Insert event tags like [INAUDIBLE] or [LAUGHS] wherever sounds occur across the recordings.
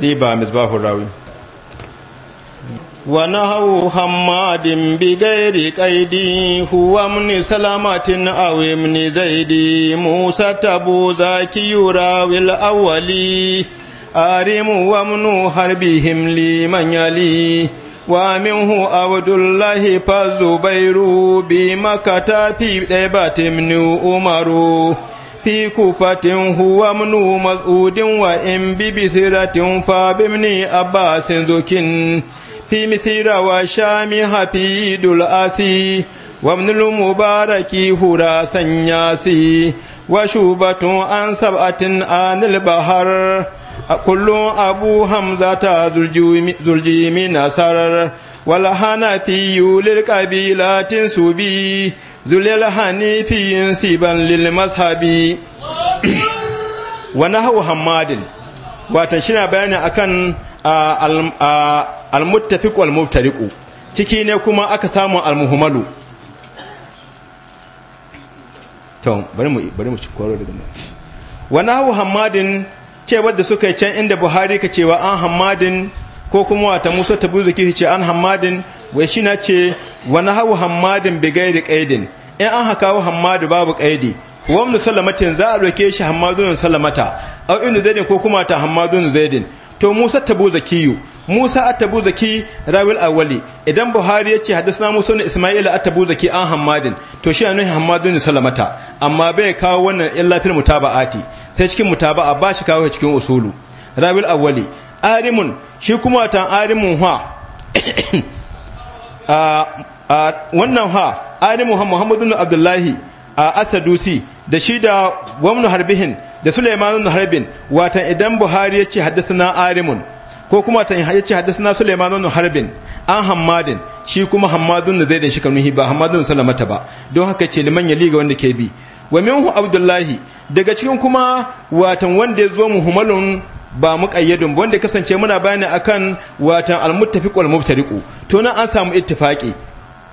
riba misbahur rawi wa nahawu bi gairi qaidi huwa min salamatin aw min zaidi musa tabu zaki rawil awwali arimu wa mnu harbihim liman manyali wa minhu abdullahi fa zubairu bi makata fi daibatim umaru fi fatin huwa mnu mas'udin wa in bi bisiratin fa bimni abbasin zukin fi misira wa shami hafidul asi wa mubaraki hura sanyasi wa shubatun an sab'atin anil bahar kullum abu hamza ta min nasarar wal hanafi lil qabilatin subi zulil hanifiyin siban lil mashabi wa nahwu hammadin watan shi na bayani akan al-muttafiq wal muftariq ciki ne kuma aka samu al-muhmalu to bari mu bari mu ci koro daga nan wa nahwu hammadin cewa da suka yi can inda buhari ka cewa an hammadin ko kuma wata musa tabuzuki ce an hammadin wai shi na ce wani hau hammadin da ƙaidin in an haka hau hamadu babu ƙaidi wa ibn salamatin za a ɗauke shi hammadun salamata aw zai zaidin ko kuma ta zai zaidin to musa tabu zakiyu musa tabu zaki rawil wali idan buhari yace hadisna musa ismaila isma'il tabu zaki an hammadin to shi annabi hammadun salamata amma bai kawo wannan illa fil mutaba'ati sai cikin mutaba'a ba shi kawo cikin usulu rawil wali. arimun shi kuma ta arimun ha [COUGHS] wannan ha ainihin muhammadu bin abdullahi a asadusi da shi da gwamnu harbihin da suleiman bin harbin watan idan buhari ya ce haddasa arimun ko kuma ta ya ce haddasa na suleiman bin harbin an hammadin shi kuma hammadun da zaidan shi kanuhi ba hammadun salamata ba don haka ce liman ya liga wanda ke bi wa minhu abdullahi daga cikin kuma watan wanda ya zo muhammalun ba mu kayyadun wanda kasance muna bayani akan watan almuttafiq wal mubtariqu to nan an samu ittifaqi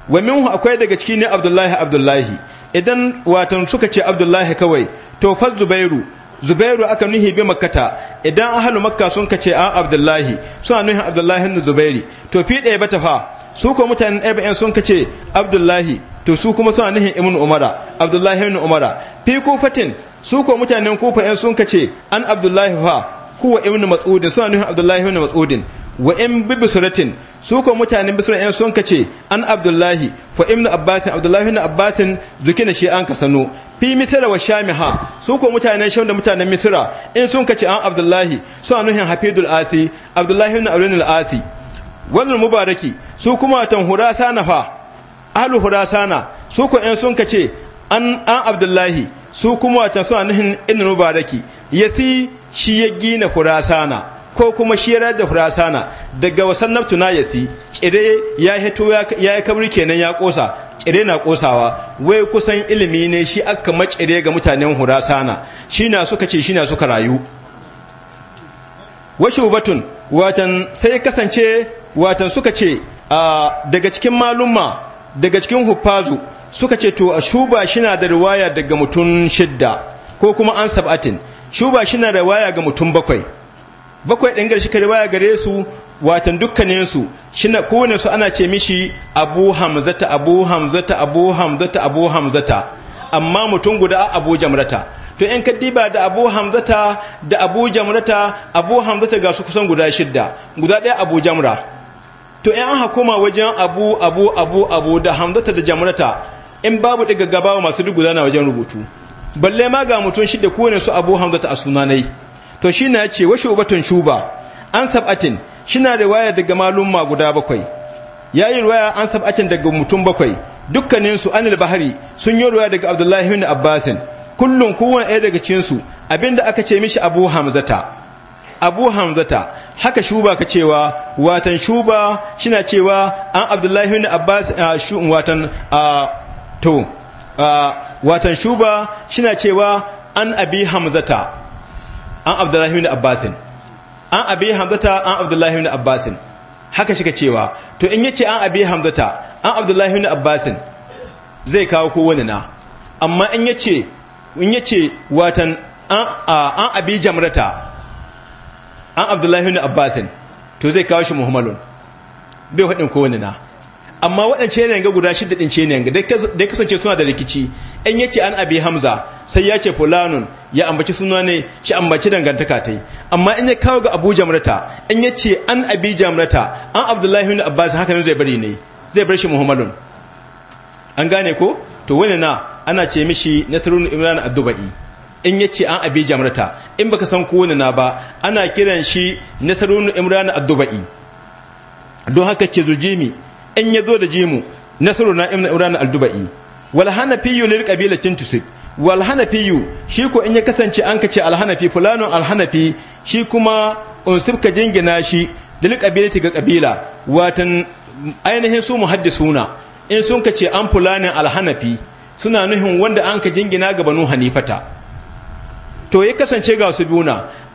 wa minhu akwai daga ciki ne abdullahi abdullahi idan watan suka ce abdullahi kawai to fa zubairu zubairu aka nuhi bi makkata idan ahlu makka sun ka ce an abdullahi suna nuhin abdullahi ibn zubairi to fi ɗaya bata fa su ko mutanen ɗaya sun ka ce abdullahi to su kuma suna nuhin ibn umara abdullahi ibn umara fi kufatin su ko mutanen kufa ɗaya sun ka ce an abdullahi fa kuwa ibn mas'udin suna nuhin abdullahi ibn mas'udin wa in bi suratin. su ko mutanen bisra yan sun kace an abdullahi fa ibnu abbasin abdullahi ibn abbasin zukina shi an kasano fi misra wa shamiha su ko mutanen shamda da mutanen misra in sun kace an abdullahi su anuhin hafidul asi abdullahi ibn arun al asi wannan mubaraki su kuma tan hurasana fa ahlu hurasana su ko yan sun kace an an abdullahi su kuma tan su anuhin ibn mubaraki yasi shi ya gina hurasana ko kuma shirar da hurasana daga wasan naftu na si cire ya hito ya yi kabri kenan ya kosa cire na kosawa wai kusan ilimi ne shi aka macire ga mutanen hurasana shi na suka ce shi na suka rayu wasu batun watan sai kasance watan suka ce daga cikin malumma daga cikin hufazu suka ce to a shuba shi na da riwaya daga mutum shidda ko kuma an sab'atin shuba shi da riwaya ga mutum bakwai bakwai ɗin garshi ka riwaya gare su watan dukkanin su na kowane su ana ce mishi abu hamzata abu hamzata abu hamzata abu hamzata amma mutum guda abu jamrata to in ka diba da abu hamzata da abu jamrata abu hamzata ga su kusan guda shidda guda ɗaya abu jamra to in an hakuma wajen abu abu abu abu da hamzata da jamrata in babu daga gaba masu duk guda na wajen rubutu balle ma ga mutum shidda kowane su abu hamzata a sunanai to shi na ce washe ubatun shuba an sab'atin shi na riwaya daga ma guda bakwai ya yi riwaya an sab'atin daga mutum bakwai dukkaninsu anil bahari sun yi riwaya daga abdullahi bin abbasin kullum kowane ɗaya daga cinsu abinda aka ce mishi abu hamzata abu hamzata haka shuba ka cewa watan shuba shina cewa an abdullahi bin abbas watan to watan shuba shina cewa an abi hamzata an abdullahi ibn abbasin an abi hamzata an abdullahi ibn abbasin haka shi ka cewa to in yace an abi hamzata an abdullahi ibn abbasin zai kawo ko wani na amma in yace in yace watan an abi jamrata an abdullahi ibn abbasin to zai kawo shi muhammadun bai hadin ko wani na amma waɗance ne ga guda shida din ce ne ga dai kasance suna da rikici in yace an abi hamza sai ya ce fulanun ya ambaci suna ne shi ambaci dangantaka ta yi amma in ya kawo ga abu jamrata in ya ce an abi jamrata an abdullahi bin abbas haka ne zai bari ne zai bar shi muhammadun an gane ko to wani na ana ce mishi nasarun imran addubai in ya ce an abi jamrata in baka san ko wani na ba ana kiran shi nasarun imran addubai don haka ce zurjimi in ya zo da jimu nasarun imran addubai walhanafiyu lir lil qabilatin tusib walhanafiyu shi ko in ya kasance an kace alhanafi fulano alhanafi shi kuma unsub ka jingina shi dil qabilati ga qabila watan ainihin su muhaddisuna in sun kace an fulanin alhanafi suna nuhin wanda an ka jingina ga banu hanifata to ya kasance ga su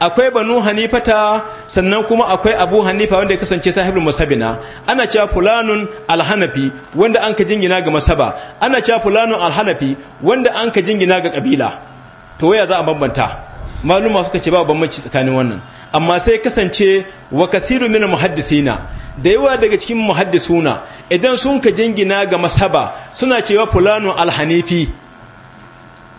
akwai banu hanifata sannan kuma akwai abu hanifa wanda ya kasance sahibul musabina ana cewa fulanun alhanafi wanda an ka jingina ga masaba ana cewa fulanun alhanafi wanda an ka jingina ga kabila to waya za a bambanta maluma suka ce ba bambanci tsakanin wannan amma sai kasance wa kasiru min muhaddisina da yawa daga cikin muhaddisuna idan sun ka jingina ga masaba suna cewa fulanun alhanifi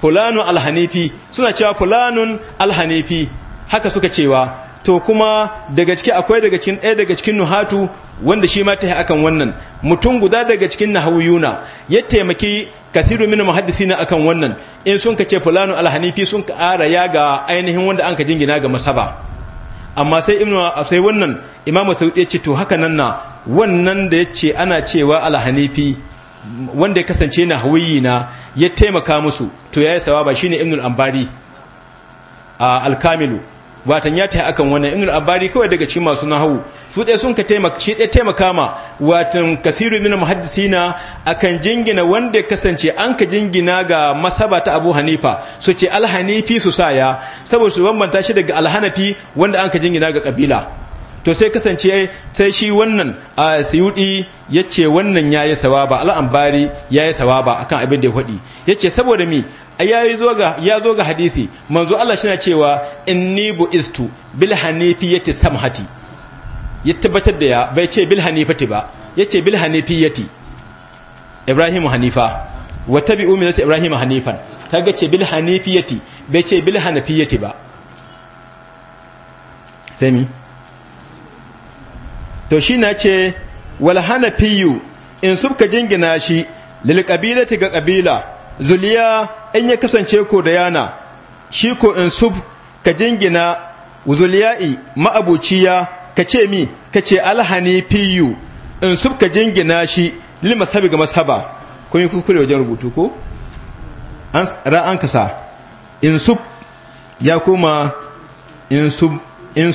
fulanun alhanifi suna cewa fulanun alhanifi haka suka cewa to kuma daga ciki akwai daga cikin ɗaya daga cikin nuhatu wanda shi ma ta yi akan wannan mutum guda daga cikin nahawiyuna ya taimaki kasiru min na akan wannan in sun ka ce fulanu alhanifi sun ka ara ya ga ainihin wanda an ka jingina ga masaba amma sai ibnu sai wannan imam saudi ya ce to haka nan na wannan da ya ce ana cewa alhanifi wanda ya kasance na hawiyi na ya taimaka musu to ya yi sawaba shine al ambari a alkamilu watan ya tahi akan wannan ibn abari kawai daga cikin masu nahawu su dai sun ka taimaka shi dai taimaka ma watan kasiru min muhaddisina akan jingina wanda ya kasance an ka jingina ga masaba ta Abu Hanifa su ce al-Hanifi su saya saboda su bambanta shi daga al-Hanafi wanda an ka jingina ga kabila to sai kasance sai shi wannan a sayudi ya ce wannan ya sawaba al'ambari ya yi sawaba akan abin da ya faɗi yace saboda mi A zo ga ya zo ga hadisi manzo Allah shi na cewa inni istu bil hanifiyati samhati ya tabbatar da ya bai ce bil hanifati ba yace bil hanifiyati ibrahimu hanifa wa tabi'u millati Ibrahimu hanifan kaga ce bil hanifiyati bai ce bil hanafiyati ba sai mi to shi na ce wal hanafiyu in subka jingina shi lil qabilati ga qabila zuliya in ya kasance ko da yana shi ko in sub ka jingina zuliya'i ma'abuciya ka ce mi ka ce alhanifiyu in sub ka jingina shi lil masabi ga masaba kun yi kuskure wajen rubutu ko an ra'an kasa in sub ya koma in sub in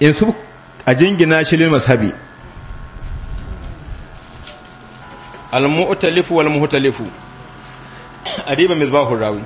in sub a jingina shi lil masabi al-mu'talifu wal muhtalifu ariba misbahur rawi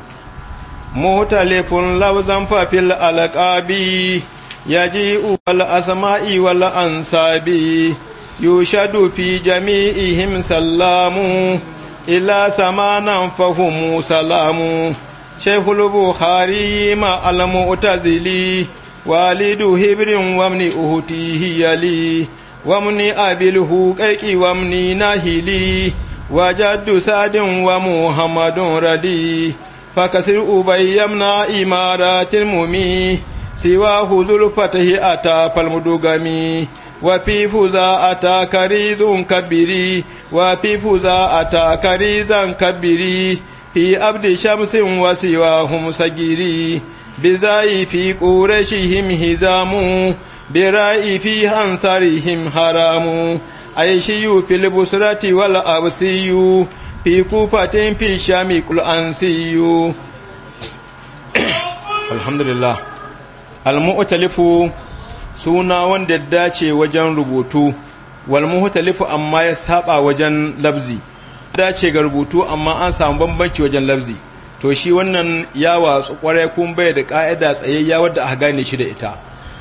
muhtalifun lafzan fa fil alqabi yaji'u wal asma'i wal ansabi yushadu fi jami'ihim sallamu ila samanan fahum salamu shaykhul bukhari ma al mu'tazili walidu hibrin wamni uhtihi yali wamni abil huqaiqi wamni nahili وجد سعد ومحمد ردي فكسر أبي يمنع إمارات الممي سواه ذو الفتح أتى فالمدغمي وفي فوزا أتى كريز كبيري وفي فوزا أتى كريزا كبيري في عبد شمس وسواهم سجيري بزاي في قريشهم هزام برأي في أنصارهم هرام aishiyu fil busrati wal absiyu fi kufatin fi shami kul ansiyu [CLEARS THROAT] alhamdulillah almu'talifu suna wanda dace wajen rubutu wal amma ya saba wajen labzi dace ga rubutu amma an samu bambanci wajen labzi to shi wannan ya watsu kwarai kun bai da ka'ida tsayayya wadda aka gane shi da ita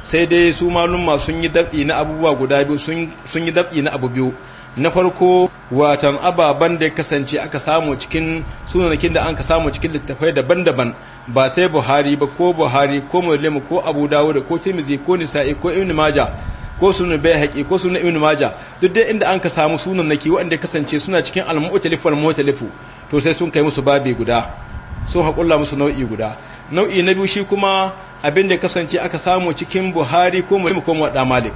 sai dai su malumma sun yi dab'i na abubuwa guda biyu sun yi dab'i na abu biyu na farko watan ababen da ya kasance aka samu cikin sunanakin da an ka samu cikin littafai daban-daban ba sai buhari ba ko buhari ko muslim ko abu dawuda ko timizi ko nisa'i ko ibn maja. ko sunan haƙi ko sunan ibn maja duk dai inda an ka samu sunanaki waɗanda kasance suna cikin al-mu'talif to sai sun kai musu babi guda sun haƙulla musu nau'i guda nau'i na biyu shi kuma abin da kasance aka samu cikin buhari ko mu ko wada malik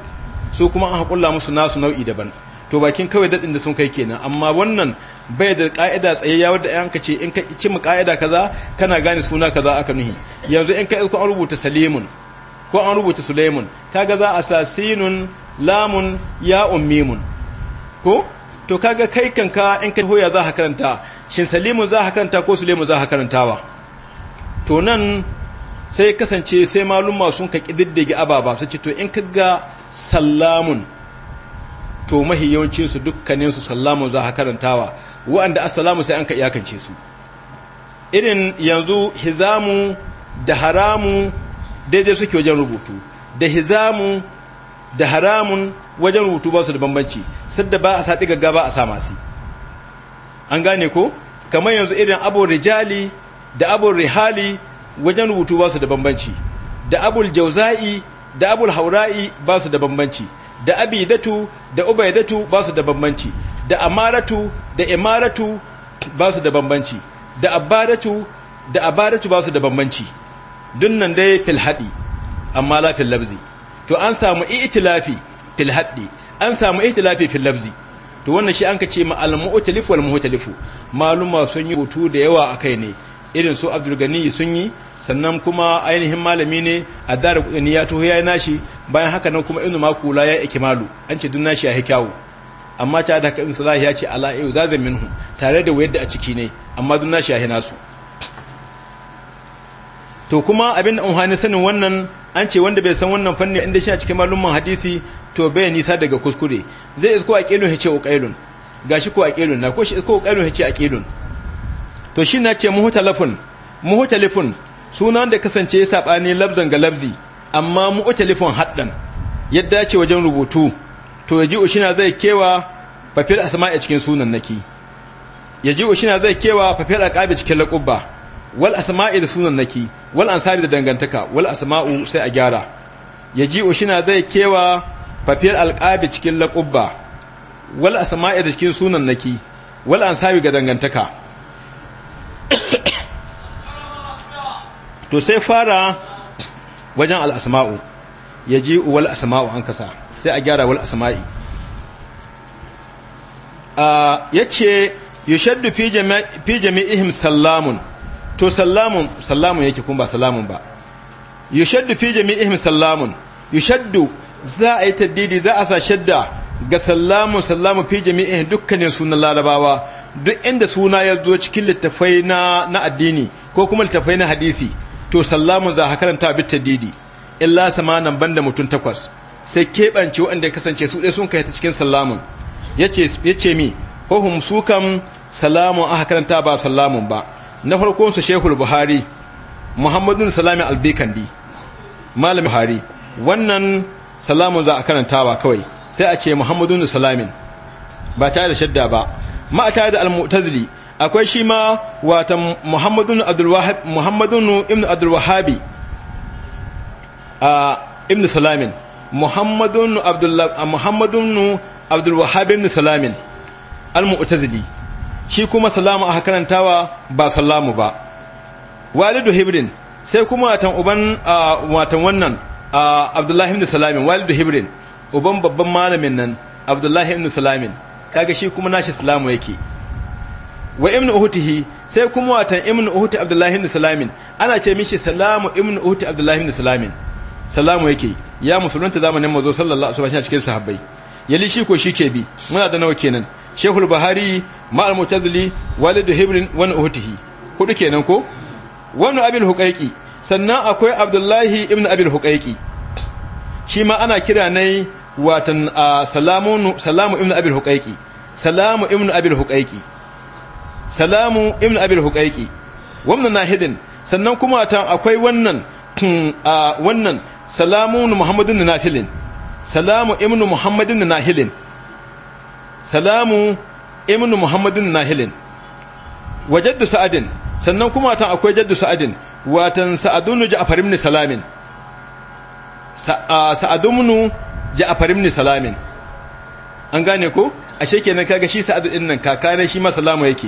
su kuma an hakulla musu nasu nau'i daban to bakin kawai daɗin da sun kai kenan amma wannan bai da ka'ida tsaye ya ya hanka ce in ka ci mu ka'ida kaza kana gane suna kaza aka nuhi yanzu in ka isko an rubuta salimun ko an rubuta sulaimun kaga za a sa sinun lamun ya ummimun ko to kaga kai kanka in ka hoya za ka karanta shin salimun za ka karanta ko sulaimun za ka karantawa to nan sai kasance sai malumma sun ka ƙididdige ababa su ce to in ka ga sallamun to mahi yawancinsu dukkaninsu sallamun za a karantawa wa'anda assalamu sai an ka iyakance su irin yanzu hizamu da haramu daidai suke wajen rubutu da hizamu da haramun wajen rubutu ba su da bambanci sadda ba a sa ɗiga ba a sa masu an gane ko kamar yanzu irin abu rijali da abu rihali wajen rubutu ba su da bambanci da abul jauza'i da abul haura'i ba su da bambanci da abidatu da ubaidatu ba su da bambanci da amaratu da imaratu ba su da bambanci da abaratu da abaratu ba su da bambanci dunnan dai fil haɗi amma la labzi to an samu itilafi fil haɗi an samu itilafi fil labzi to wannan shi an ka ce ma'al mu'talif wal muhtalifu maluma sun yi hutu da yawa akai ne irin su abdul gani sun yi sannan kuma ainihin malami ne a dara kudini ya tuhu ya yi nashi bayan haka nan kuma inu makula ya yi kimalu an ce dun nashi ya yi kyawu amma ta da in salahi ya ce ala ayu min minhu tare da wayar da a ciki ne amma dun nashi ya yi nasu to kuma abin da umhani sanin wannan an ce wanda bai san wannan fanni inda shi a cikin malumman hadisi to bai nisa daga kuskure zai isko a kelun ya ce o kailun gashi ko a kelun na ko shi isko a kailun ya ce a kelun to shi na ce muhu muhu muhutalifun Suna da kasance saɓani labzan ga labzi amma mu uke lifin haddan yadda ce wajen rubutu to yaji ushina zai kewa fafil a cikin sunan naki yaji ushina zai kewa fafil aqabi cikin laqubba wal asma'i da sunan naki wal ansari da dangantaka wal asma'u sai a gyara yaji ushina zai kewa fafil alqabi cikin laqubba wal asma'i da cikin sunan naki wal ansari ga dangantaka to sai fara wajen al'asma'u ya ji uwal asma'u an kasa sai a gyara wal asma'i ya ce shaddu fi jami'ihim sallamun to sallamun sallamun yake kun ba sallamun ba shaddu fi jami'ihim sallamun shaddu za a yi taddidi za a sa shadda ga sallamun sallamun fi jami'ihim dukkanin sunan larabawa duk inda suna ya zo cikin littafai na addini ko kuma littafai na hadisi to sallamun za a karanta bit tadidi illa sama samanan banda mutum takwas sai keɓance waɗanda ya kasance su ɗaya sun kai ta cikin sallamun ya ce mi hohum su kam salamun aka karanta ba sallamun ba na farkon su shehul buhari muhammadun salami albekandi malam buhari wannan salamun za a karanta ba kawai sai a ce muhammadun salamin ba tare da shadda ba ma a tare da almutazili akwai shi ma wata muhammadun muhammadun ibn abdulwahabi a ah, ibn salamin muhammadun ah, muhammadun abdulwahabi ibn salamin al-mu'tazili shi kuma salamu a karantawa ba salamu ba walidu hibrin sai kuma watan uban ah, watan wannan abdullahi ibn salamin walidu hibrin uban babban malamin nan abdullahi ibn salamin kaga shi kuma nashi salamu yake wa imnu uhutihi sai kuma watan imnu uhuti abdullahi ibn salamin ana ce mishi salamu imnu uhuti abdullahi ibn salamin salamu yake ya musulunta zamanin mazo sallallahu alaihi wasallam cikin sahabbai yali shi ko shi ke bi muna da nawa kenan shehul bahari ma'al mutazili walidu hibrin wani uhutihi hudu kenan ko wani abil huƙaƙi sannan akwai abdullahi ibn abil huƙaƙi shi ma ana kira ne watan salamu ibn abil huƙaƙi salamu ibn abil huƙaƙi salamu ibn abil hukaiki wannan na hidin sannan kuma ta akwai wannan hmm, a wannan salamun muhammadin na nafilin salamu ibn muhammadin na nahilin salamu ibn muhammadin nahilin wa jaddu sa'adin sannan kuma ta akwai jaddu sa'adin watan sa'adun ja'far ibn salamin sa'adun ja'far ibn salamin an gane ko ashe kenan kaga shi sa'adu din nan kaka ne shi ma salamu yake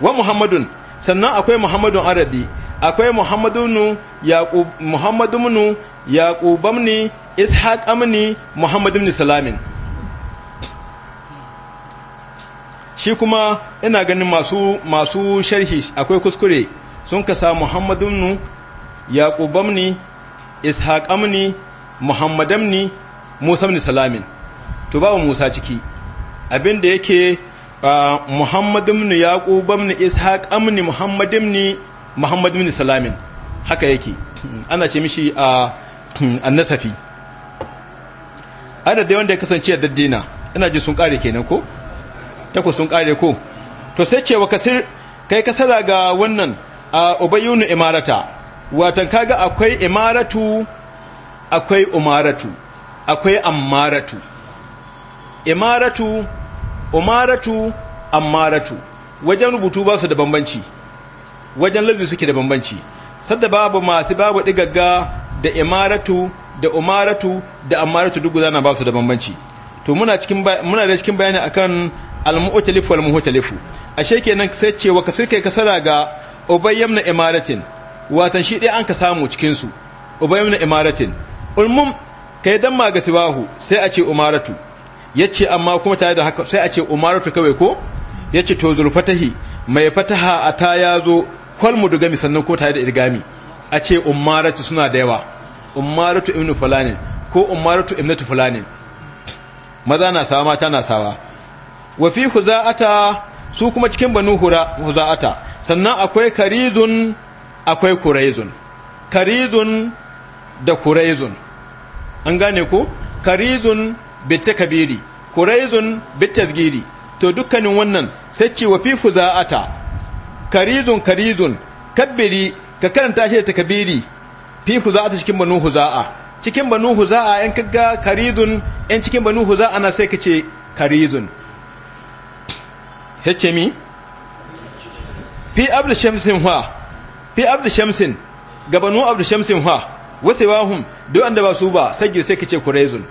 wa muhammadun sannan akwai muhammadun arabi akwai muhammadun yaqub muhammadun yaqubamni ishaq amni muhammadun salamin shi kuma ina ganin masu masu sharhi akwai kuskure sun kasa muhammadun yaqubamni ishaq amni muhammadamni musa salamin to babu musa ciki abin da yake Ah, Muhammad ibn Yaqub ibn Ishaq ibn Muhammad ibn Muhammad ibn Salamin haka yake ana ce mishi a ah, annasafi adadai wanda ya kasance a daddina ina ji sun kare kenan ko takwas sun kare ko to sai ce wa kasir kai kasara ga wannan a ah, ubayyunu imarata watan kaga akwai imaratu akwai umaratu akwai ammaratu imaratu umaratu ammaratu wajen rubutu ba su da bambanci wajen lafi suke da bambanci sadda babu masu babu digagga da imaratu da umaratu da ammaratu duk gudana ba su da bambanci to muna cikin muna da cikin bayani akan al-mu'talif wal muhtalifu ashe kenan sai ce wa kasir kai kasara ga na imaratin watan shi dai an ka samu cikin su na imaratin ulmum kai dan ma ga sibahu sai a ce umaratu ce amma kuma tare da haka sai a ce umaratu kawai ko ce to zulfatahi mai fataha a ta ya yazo kwal mudugami sannan ko tare da irgami. a ce umaratu suna da yawa umaratu ibnu fulani ko umaratu ibnatu fulani maza na sawa mata na sawa wa fi huza'ata su kuma cikin banu huza'ata sannan akwai karizun akwai kuraizun karizun da kuraizun an gane ko karizun kabiri kuraizun bitazgiri to dukkanin wannan sai ce wa fi ta karizun karizun kabiri ka karanta shi da takabiri fi ta cikin banu huza'a cikin banu huza'a in kaga karizun in cikin banu huza'a na sai ka ce karizun yace mi fi abdu shamsin wa fi abdu shamsin gabanu abdu shamsin wa wasewahum duk anda ba su ba sai sai ka ce kuraizun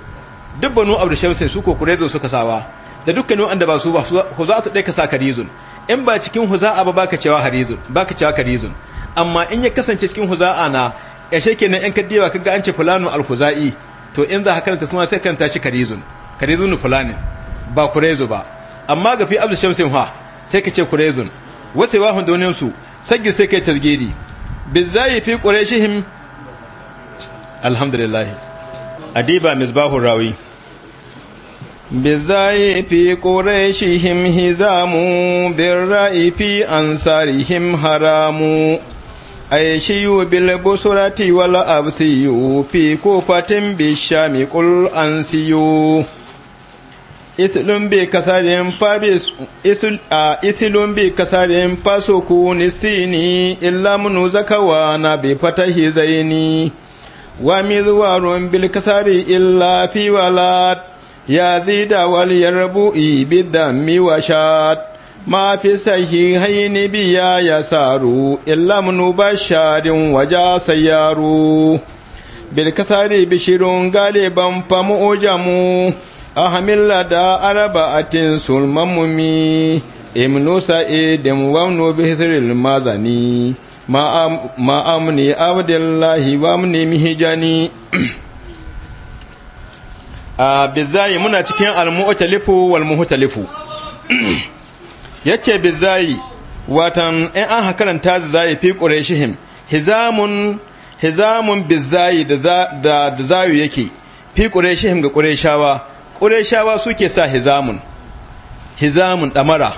duk banu da shamsin su ko kuraizu suka sawa da dukkanin wanda ba su ba huzatu dai ka sa karizun in ba cikin huza'a ba baka cewa harizun baka cewa karizun amma in ya kasance cikin huza'a na ya nan kenan yan kaddiwa kaga an ce fulanu alhuza'i to in za ka karanta suna sai karanta shi karizun karizun fulani ba kuraizu ba amma ga fi abdu shamsin ha sai ka ce kurezun wasu wa donin su saggi sai kai targidi bizai fi qurayshihim alhamdulillah adiba misbahur rawi بالزاي في قريشهم هزام بالرأي في أنصارهم هرام أيشي بالبصرة والأبسي في كوفة بالشام قل أنسي إسلم بكسر فبس إسلم بكسر فسكون السين إلا من زكوان بفتح زيني ومذوار بالكسر إلا في ولات ya zida wal yarbu bi dammi wa sha, ma fi sahihain bi ya yasaru illa munubashadin waja sayaru bil kasari bishirun galiban famu ujamu a hamila da arba'atin sulmamumi ibnu sa'idin wa nubi hisril mazani ma'amni abdullahi wa amni mihijani [CLEARS THROAT] Ah, bizayi muna cikin almu'talifu wal muhtalifu [CLEARS THROAT] yace bizayi watan in an ta zai fi qurayshihim hizamun hizamun bizayi da da zayu yake fi qurayshihim ga qurayshawa qurayshawa suke sa hizamun hizamun damara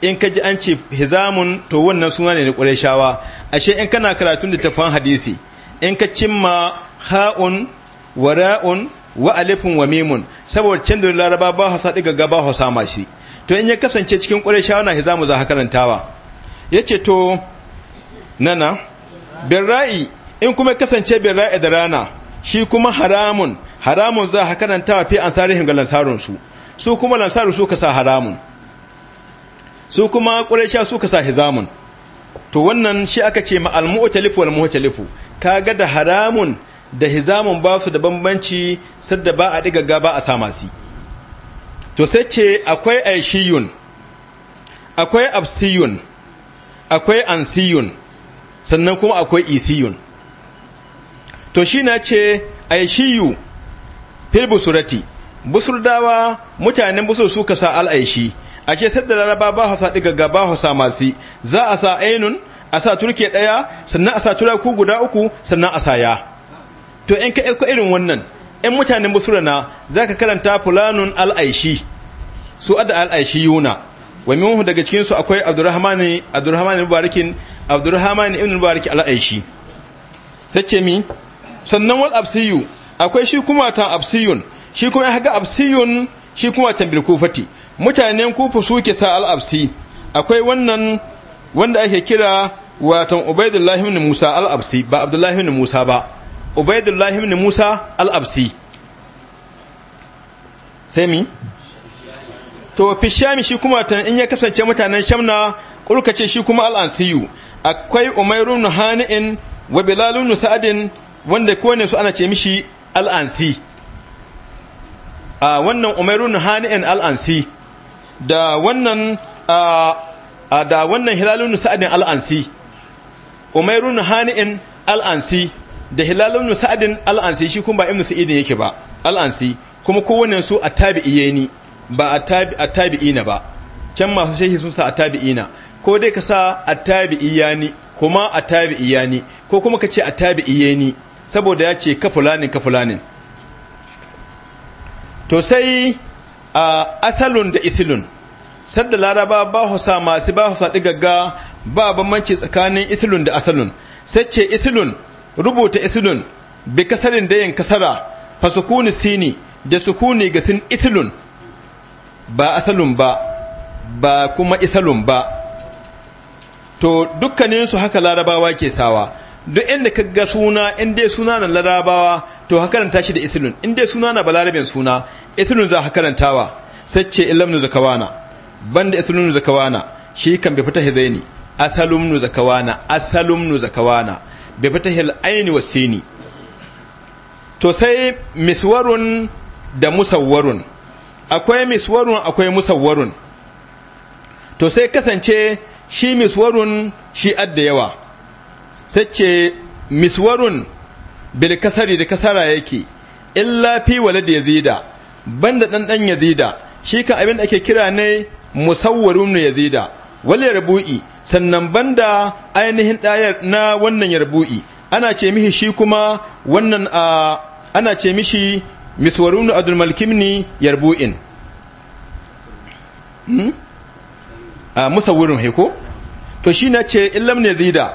in ka ji an ce hizamun to wannan suna ne qurayshawa ashe in kana karatun tafan hadisi in ka cimma ha'un wara'un wa alifun wa mimun saboda can da laraba ba hasa diga gaba hasa mashi to in ya kasance cikin qurayshawa na hizamu za karantawa yace to nana birra'i in kuma kasance birra'i da rana shi kuma haramun haramun za karantawa fi sarihin ga lansarun su su kuma lansaru su sa haramun su kuma qurayshawa su sa hizamun to wannan shi aka ce ma al-mu'talif wal mu'talifu kaga da haramun da hizamun ba su da bambanci sadda ba a diga gaba a sama to sai ce akwai aishiyun akwai absiyun akwai ansiyun sannan kuma akwai isiyun to shi na ce aishiyu fil busurati busurdawa mutanen busur suka sa al'aishi ashe sadda laraba ba hausa diga gaba hausa masu za a sa ainun a sa turke ɗaya sannan a sa turaku guda uku sannan a sa ya to in ka isko irin wannan in mutanen busura na ka karanta fulanun al'aishi su adda al'aishi yuna wa minhu daga cikin su akwai abdurrahman abdurrahman mubarakin abdurrahman ibn mubarak al'aishi sace mi sannan wal absiyu akwai shi kuma ta absiyun shi kuma ya haga absiyun shi kuma ta bil kufati mutanen kufa suke sa al absi akwai wannan wanda ake kira watan ubaidullahi ibn musa al absi ba abdullahi ibn musa ba ubaidullah ibn musa al-absi sai mi to fi shami shi kuma tan in ya kasance mutanen shamna kulkace shi kuma al-ansiyu akwai umairun hani'in wa bilalun sa'adin wanda kone su ana ce mishi al-ansi a wannan umairun hani'in al-ansi da wannan da wannan hilalun sa'adin al-ansi umairun al'ansi. al-ansi da hilal ibn sa'adin al shi kuma ba ibn sa'idin yake ba al kuma kowanne su attabi'iye ni ba attabi'ina ba can masu shehi sun sa attabi'ina ko dai ka sa iya ni kuma iya ni ko kuma ka ce attabi'iye ni saboda ya ce ka fulanin ka fulanin to sai a asalun da isilun sadda laraba ba hu sa masu ba hu sa digagga ba bambanci tsakanin isilun da asalun sai ce isilun rubuta isilun bi kasarin dayin kasara fa sukuni sini da sukuni ga sin isilun ba asalun ba ba kuma isalun ba to dukkaninsu haka larabawa ke sawa duk inda ka ga suna in dai suna na larabawa to hakaranta shi da isilun in dai suna na balarabin suna isilun za tawa sace ilamnu zakawana banda isilun zakawana shi kan bi fita hizaini asalumnu zakawana asalumnu zakawana bi fatahil aini wasini to sai miswarun da musawwarun akwai miswarun akwai musawwarun to sai kasance shi miswarun shi adda yawa sai ce miswarun bil kasari da kasara yake illa fi walad yazida banda dan dan yazida shi kan abin da ake kira ne musawwarun yazida wal rubu'i sannan banda ainihin ɗayar na wannan yarbu'i ana ce mishi shi kuma wannan a ana ce mishi miswarunu adulmalkimni yarbu'in hmm? a musawurin haiko to shi na ce illam ne zida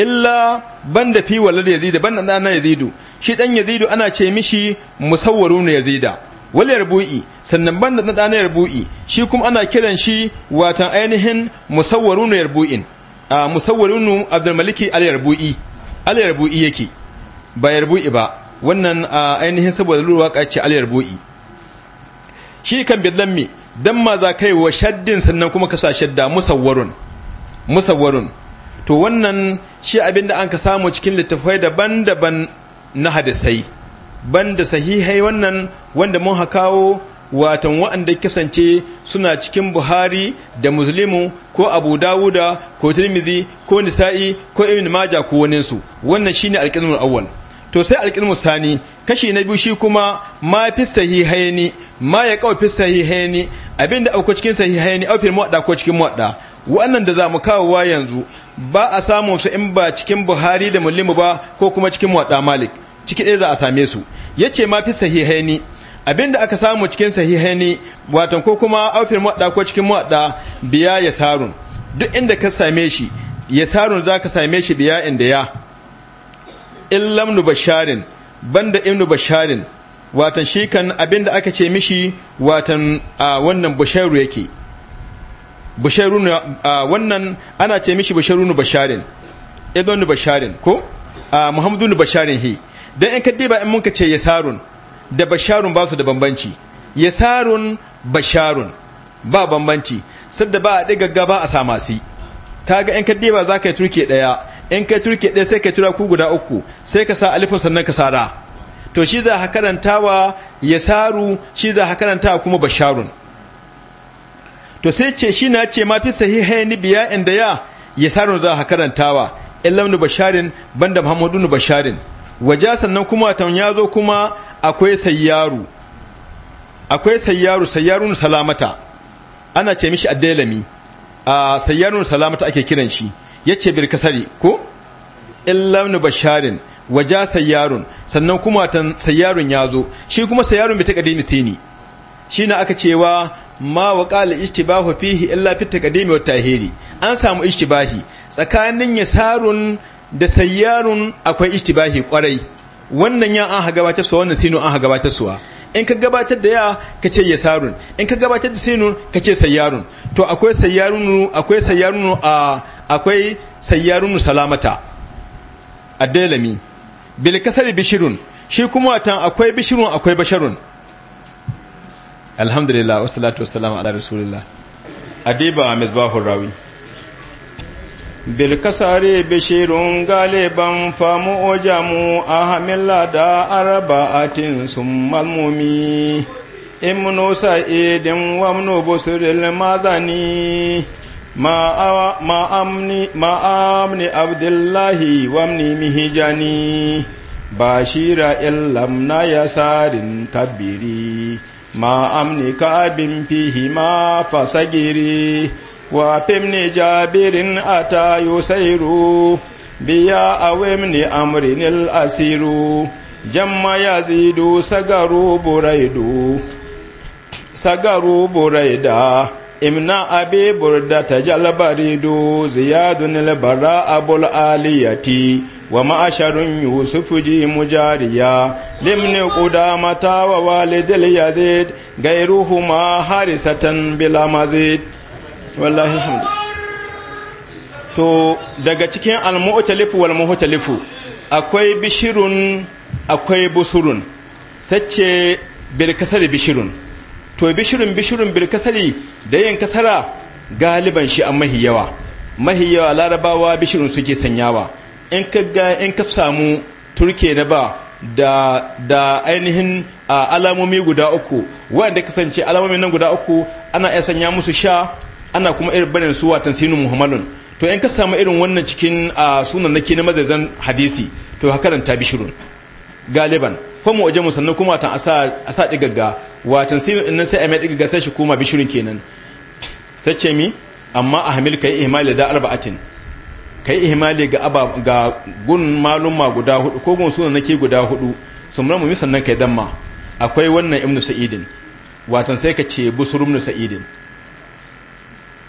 illa banda fi walar yazida banda ɗana yazidu shi ɗan yazidu ana ce mishi ya zida. wal rubu'i sannan banda na ɗana rubu'i shi kuma ana kiran shi watan ainihin musawwarunu yarbu'in a musawwarunu abdul maliki al al yake ba yarbu'i ba wannan ainihin saboda lura ka ce al yarbu'i shi kan bidlammi dan ma za kai wa shaddin sannan kuma ka sa shadda musawwarun musawwarun to wannan shi abinda an ka samu cikin littafai daban-daban na hadisai banda sahihai wannan wanda mun hakawo watan wanda kasance suna cikin buhari da muslimu ko abu dawuda ko tirmizi ko nisa'i ko ibn maja ko waninsu wannan shine alƙilmul awwal to sai alƙilmul sani kashi na biyu shi kuma ma fi ne ma ya kawo fi ne abinda auko cikin sahihaini au mu muwadda ko cikin muwadda wannan da za mu kawo yanzu ba a samun su in ba cikin buhari da muslimu ba ko kuma cikin muwadda malik Cikin ɗaya za a same su ya ce ma fi sahihaini abinda aka samu cikin sahihaini watan ko kuma aufin muwadda ko cikin muwadda biya ya sarun duk inda ka same shi ya sarun za ka same shi biya inda ya illam lamnu basharin banda ibnu basharin watan shi kan abinda aka ce mishi watan a wannan basharu yake basharu wannan ana ce mishi basharu nu basharin ibnu basharin ko a muhammadu nubasharin basharin hi dan in ka diba in mun ce yasarun da basharun ba su da bambanci yasarun basharun ba bambanci sadda ba a diga gaba a samasi kaga in ka diba za ka yi turke ɗaya in ka turke ɗaya sai ka tura ku guda uku sai ka sa alifin sannan ka sara to shi za ka karantawa yasaru shi za ka kuma basharun to sai ce shi na ce mafi sahihaini biya inda ya yasarun za ka karantawa illam nu basharin banda muhammadu nu basharin Waje sannan kuma watan ya zo kuma akwai sayyaru akwai sayyaru sayyarun salamata ana ce mishi addalami a sayyarun salamata ake kiran shi yace bil kasari ko illam basharin waje sayyarun sannan kuma watan sayyarun ya zo shi kuma sayyarun bi taqdimi sini na aka cewa ma wa qala fihi illa fi taqdimi wa tahiri an samu ishtibahi tsakanin yasarun da sayyarun akwai ishtibahi kwarai wannan ya an gabatar suwa wannan sinu an gabatar suwa in ka gabatar da ya ka ce yasarun in ka gabatar da sinu ka ce sayyarun to akwai sayyarun akwai sayyarun a akwai sayyarun salamata addalami bil kasari bishirun shi kuma watan akwai bishirun akwai basharun alhamdulillah wassalatu wassalamu ala rasulillah adiba mizbahur rawi bilkasare bishirun galiban famu ojamu a hamila da arba'atin sun malmumi imnu sa'idin wa imnu busril ma amni abdullahi wa amni mihijani bashira illam na yasarin tabiri ma amni ka bin ma fasagiri وفي جابر اتى يسير بيا اومني امر الاسير جم يزيد سقر بريد سقر بريدا امنا ابي برده تجل بريد زياد البراء أبو الآلية ومعشر يوسف جي مجاريا لمن قدامة ووالد اليزيد غيرهما حارسة بلا مزيد wallahi alhamdu to daga cikin almu'talifu wal muhtalifu akwai bishirun akwai busurun sace bil kasari bishirun to bishirun bishirun bil kasari da yin kasara galiban shi a mahi yawa mahi yawa larabawa bishirun suke sanyawa in ka ga in ka samu turke na ba da da ainihin alamomi guda uku wanda kasance alamomi nan guda uku ana iya sanya musu sha ana kuma irin barin su watan sinu muhammadun to in ka samu irin wannan cikin sunan nake na mazaizan hadisi to ka ta bishirun galiban ko mu waje musannan kuma ta a sa digagga watan sai sai a mai digagga sai shi kuma bishirun kenan sai ce mi amma a hamil kai ihmali da arba'atin kai ihmali ga aba ga gun malum ma guda hudu ko gun sunan nake guda hudu sumran mu sannan kai damma akwai wannan ibnu sa'idin watan sai ka ce busur ibnu sa'idin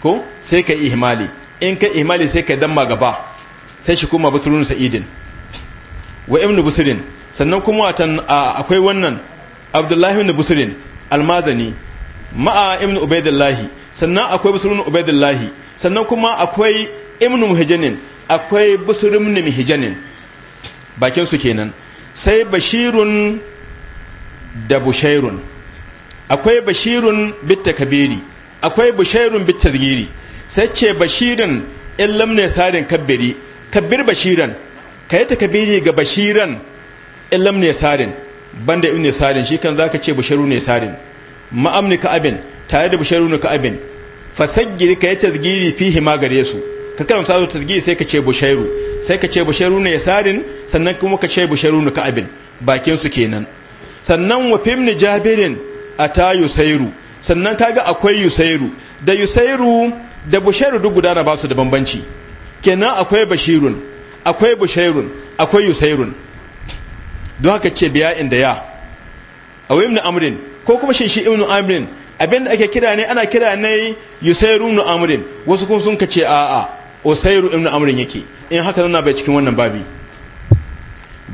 ko sai ka ihmali in ka ihmali sai ka damma gaba sai shi kuma busrun sa'idin wa ibn busrin sannan kuma watan akwai wannan abdullahi ibn busrin almazani ma'a ibn ubaidillahi sannan akwai busrun ubaidillahi sannan kuma akwai ibn muhajjanin akwai busrun muhajjanin bakin su kenan sai bashirun da bushairun akwai bashirun bitta kabiri akwai bushairun bi tazgiri sai ce bashirin in lamne sarin kabbiri kabbir bashiran kai ta kabiri ga bashiran in lamne sarin banda ibn sarin shi kan zaka ce busharu ne sarin ma'amni ka abin tare da busharu ka abin fasagiri ka yi tazgiri fihi ma gare su ka kan sa tazgiri sai ka ce bushairu sai ka ce bushairu ne sarin sannan kuma ka ce bushairu ka abin bakin su kenan sannan wa fimni jabirin a yusairu sairu sannan ga akwai yusairu da yusairu da bushairu duk guda na basu da bambanci kenan akwai bashirun akwai bushairun akwai yusairun don haka ce biya inda ya a wayin amrin ko kuma shin shi ibn amrin abinda ake kira ne ana kira ne yusairu ibn amrin wasu kuma sun kace a'a usairu ibn amrin yake in haka nan bai cikin wannan babi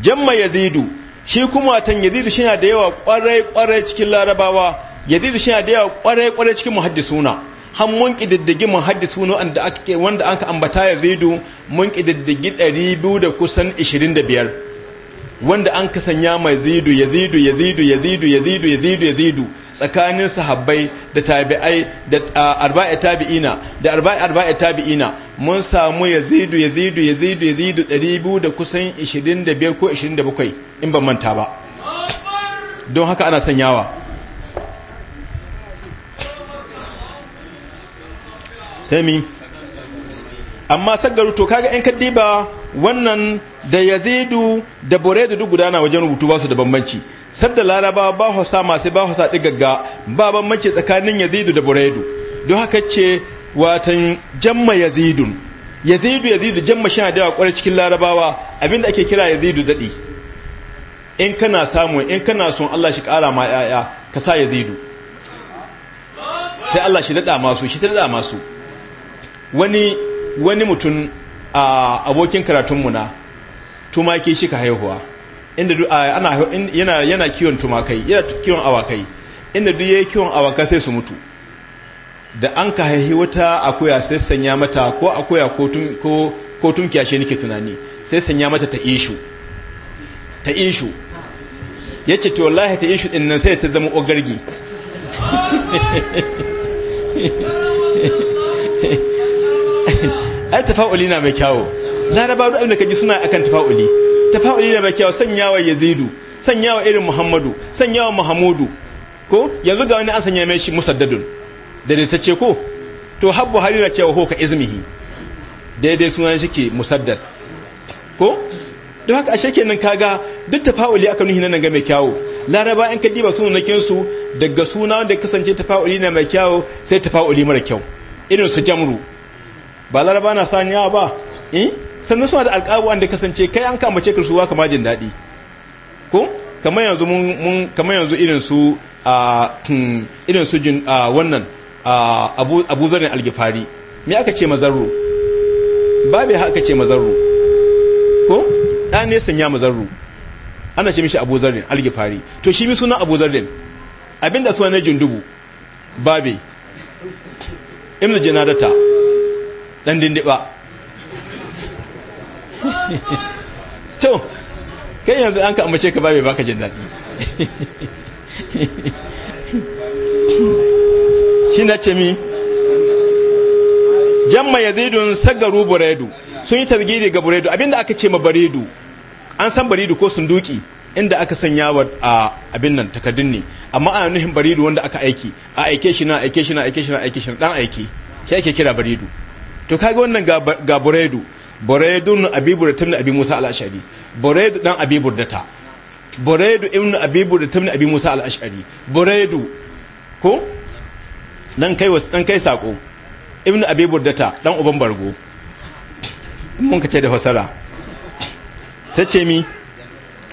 jamma yazidu shi kuma watan yazidu shi da yawa kwarai kwarai cikin larabawa yazidu shi da yawa kwarai kwarai cikin muhaddisuna han mun kididdigi muhaddisuna wanda ake wanda anka ambata yazidu mun kididdigi 200 da kusan 25 wanda an ka sanya mai zidu yazidu yazidu yazidu yazidu yazidu yazidu tsakanin sahabbai da tabi'ai da arba'a tabi'ina da arba'a arba'a tabi'ina mun samu yazidu yazidu yazidu yazidu 200 da kusan 25 ko 27 in ban manta ba don haka ana sanyawa sami amma sagaru to kaga in ba wannan da yazidu da bore da duk gudana wajen rubutu ba su da bambanci sadda laraba ba hausa masu ba hausa digagga ba bambanci tsakanin yazidu da buredu don haka ce watan jamma yazidun yazidu yazidu jamma shi da yawa cikin larabawa abinda ake kira yazidu daɗi in kana samu in kana son allah shi ƙara ma 'ya'ya ka sa yazidu sai allah shi daɗa masu shi ta daɗa masu wani wani mutum a abokin karatunmu na tumaki shi ka haihuwa inda ana yana yana kiwon tumakai yana kiwon awakai inda duk yayi kiwon awakai sai su mutu da an ka haihi wata akuya sai sanya mata ko akuya ko tun ko ko tun kiyashe nake tunani sai sanya mata ta ishu ta ishu yace to wallahi ta ishu din nan sai ta zama ogargi [LAUGHS] ai tafa'uli na mai kyawo laraba da abin da kaji suna akan tafa'uli tafa'uli na mai kyawo wa yazidu sanya wa irin muhammadu sanya wa muhammadu ko yanzu ga wani an sanya mai shi musaddadun daidaitacce ko to har buhari na cewa hoka izmihi daidai sunan shi ke musaddad ko don haka ashe kenan kaga duk tafa'uli aka nuhi nan ga mai kyawo laraba in ka diba sunanakin su daga suna wanda kasance tafa'uli na mai kyawo sai tafa'uli mara kyau irin su jamru ba laraba na sanya ba eh sannan suna da alƙawu wanda kasance kai an kamace ka kirsuwa kama jin daɗi ko kamar yanzu mun kamar yanzu irin su a hmm, irin su jin wannan abu abu zarin algifari me aka ce mazarru ba bai haka ce mazarru ko ɗan ne sanya mazarru ana ce mishi abu zarin algifari to shi bi suna abu zarin abinda suna na jundubu babe imna jinadata dan dindiba [LAUGHS] to kai yanzu an ka amince ka ba mai baka jin dadi [LAUGHS] shi na ce mi jamma yazidun sagaru buredu sun yi targidi ga buredu abinda aka ce ma baredu an san baredu ko sunduki inda aka sanya wa abin nan takardun ne amma ana nuhin baridu wanda aka aiki a aike shi na aike shi na aike shi na aike shi na dan aiki shi ake kira baridu to kage wannan ga buredu buraidun abi tun abi musa al-ash'ari buraidu dan abi burdata buredu ibn abi burdatun abi musa al-ash'ari ko dan kai wasu dan kai sako ibn abi burdata dan uban bargo mun kace da fasara sai ce mi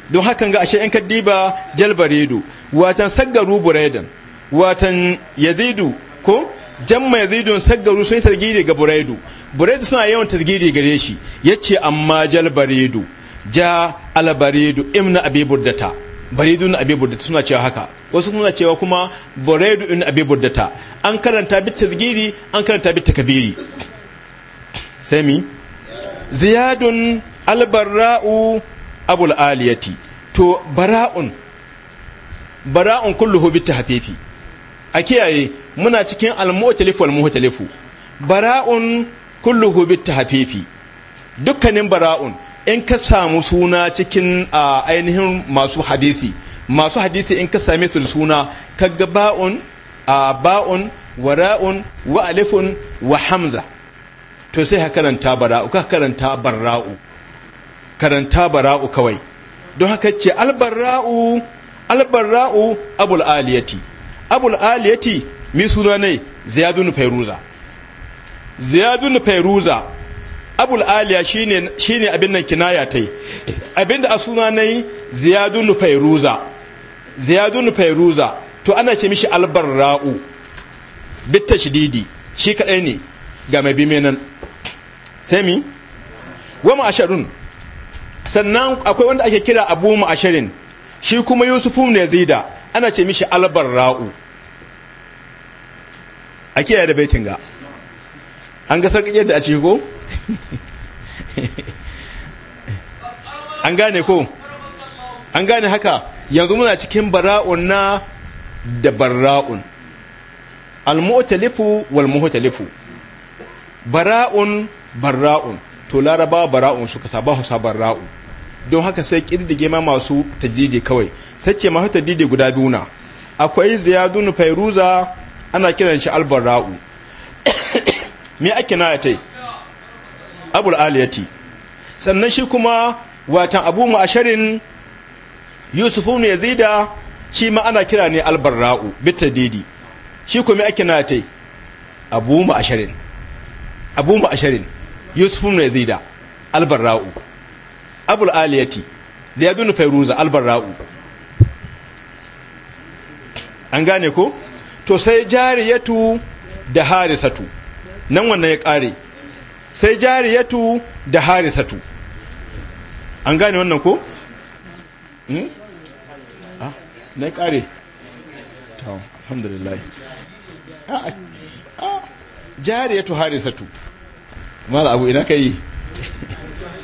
don hakan ga ashe yan kaddiba jalbaredu watan saggaru buraidan watan yazidu ko jamma yazidun saggaru sun targiri ga buraidu buraidu suna yawan targiri gare shi yace amma jal baridu ja al baridu ibn abi burdata baridu ibn abi burdata suna cewa haka wasu suna cewa kuma buraidu ibn abi burdata an karanta bi targiri an karanta bi takabiri sai mi ziyadun al abul aliyati to bara'un bara'un kulluhu bi tahfifi a kiyaye muna cikin al-mu'talifu wal muhtalifu bara'un kulluhu bit tahfifi dukkanin bara'un in ka samu suna cikin a ainihin masu hadisi masu hadisi in ka same su suna kaga ba'un ba'un wara'un wa alifun wa hamza to sai ka karanta bara'u ka karanta bara'u karanta bara'u kawai don haka ce albara'u albarra'u abul aliyati ya aliyati mi suna ne ziyadun fairuza ziyadun fairuza abul ya shi ne abin nan kinaya abin da a suna ne ziyadun fairuza ziyadun fairuza to ana ce mishi albarra'u bit tashdidi shi kadai ne ga mai bime nan sai mi wa sannan akwai wanda ake kira abu ma'asharin shi kuma yusufu ne zida ana ce mishi albar ra'u a kiyaye da baitin ga an ga sarki yadda a ce ko an gane ko an gane haka yanzu muna cikin bara'un na da bara'un al-mu'talifu bara'un bara'un to laraba bara'un suka saba hausa bara'u don haka sai da ma masu tajidi kawai sace mahaifar didi guda biyu na akwai ziyadun fairuza ana kiran shi albarra'u [COUGHS] me ake na yi abul aliyati sannan shi kuma watan abu ma'asharin yusufu ne zida shi ma ana kira ne albarra'u didi shi kuma me ake na ta yi abu ma'asharin abu ma'asharin yusufu ne yazida albarra'u abul aliyati ziyadun fairuza albarra'u an gane ko to sai jariyatu da harisatu nan wannan ya kare sai jariyatu da harisatu an gane wannan ko? Hmm? Ah, na ya kare ta alhamdulillah ah, ah, jariyatu harisatu mala abu ina ka yi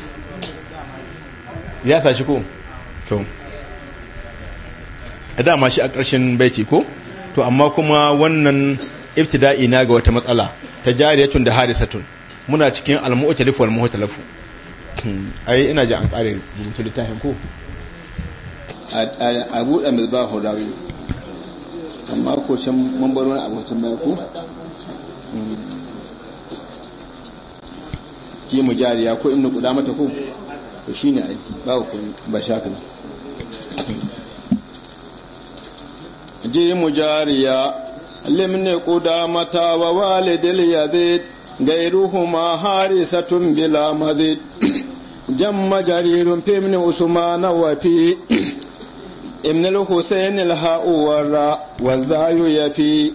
[LAUGHS] ya sashi ko? to a dama shi a ƙarshen baiti ko to amma kuma wannan ibtida'i na ga wata matsala ta jariyatun da harisatun muna cikin al-mu'talif wal mu'talif hmm, ai ina ji an ƙare rubutu littafin ko a buɗe ba rawi amma ko can mun bar wani abu can ko hmm. ki mu jariya ko in ku kuda mata ko to ne ai ba ku ba shaka ji mujariya limne mata wa walidil yazid gairuhuma harisatun bila mazid [CLEARS THROAT] jamma jarirun fi usmana wa fi [CLEARS THROAT] ibn al-husayn al-ha'u wa zayu yafi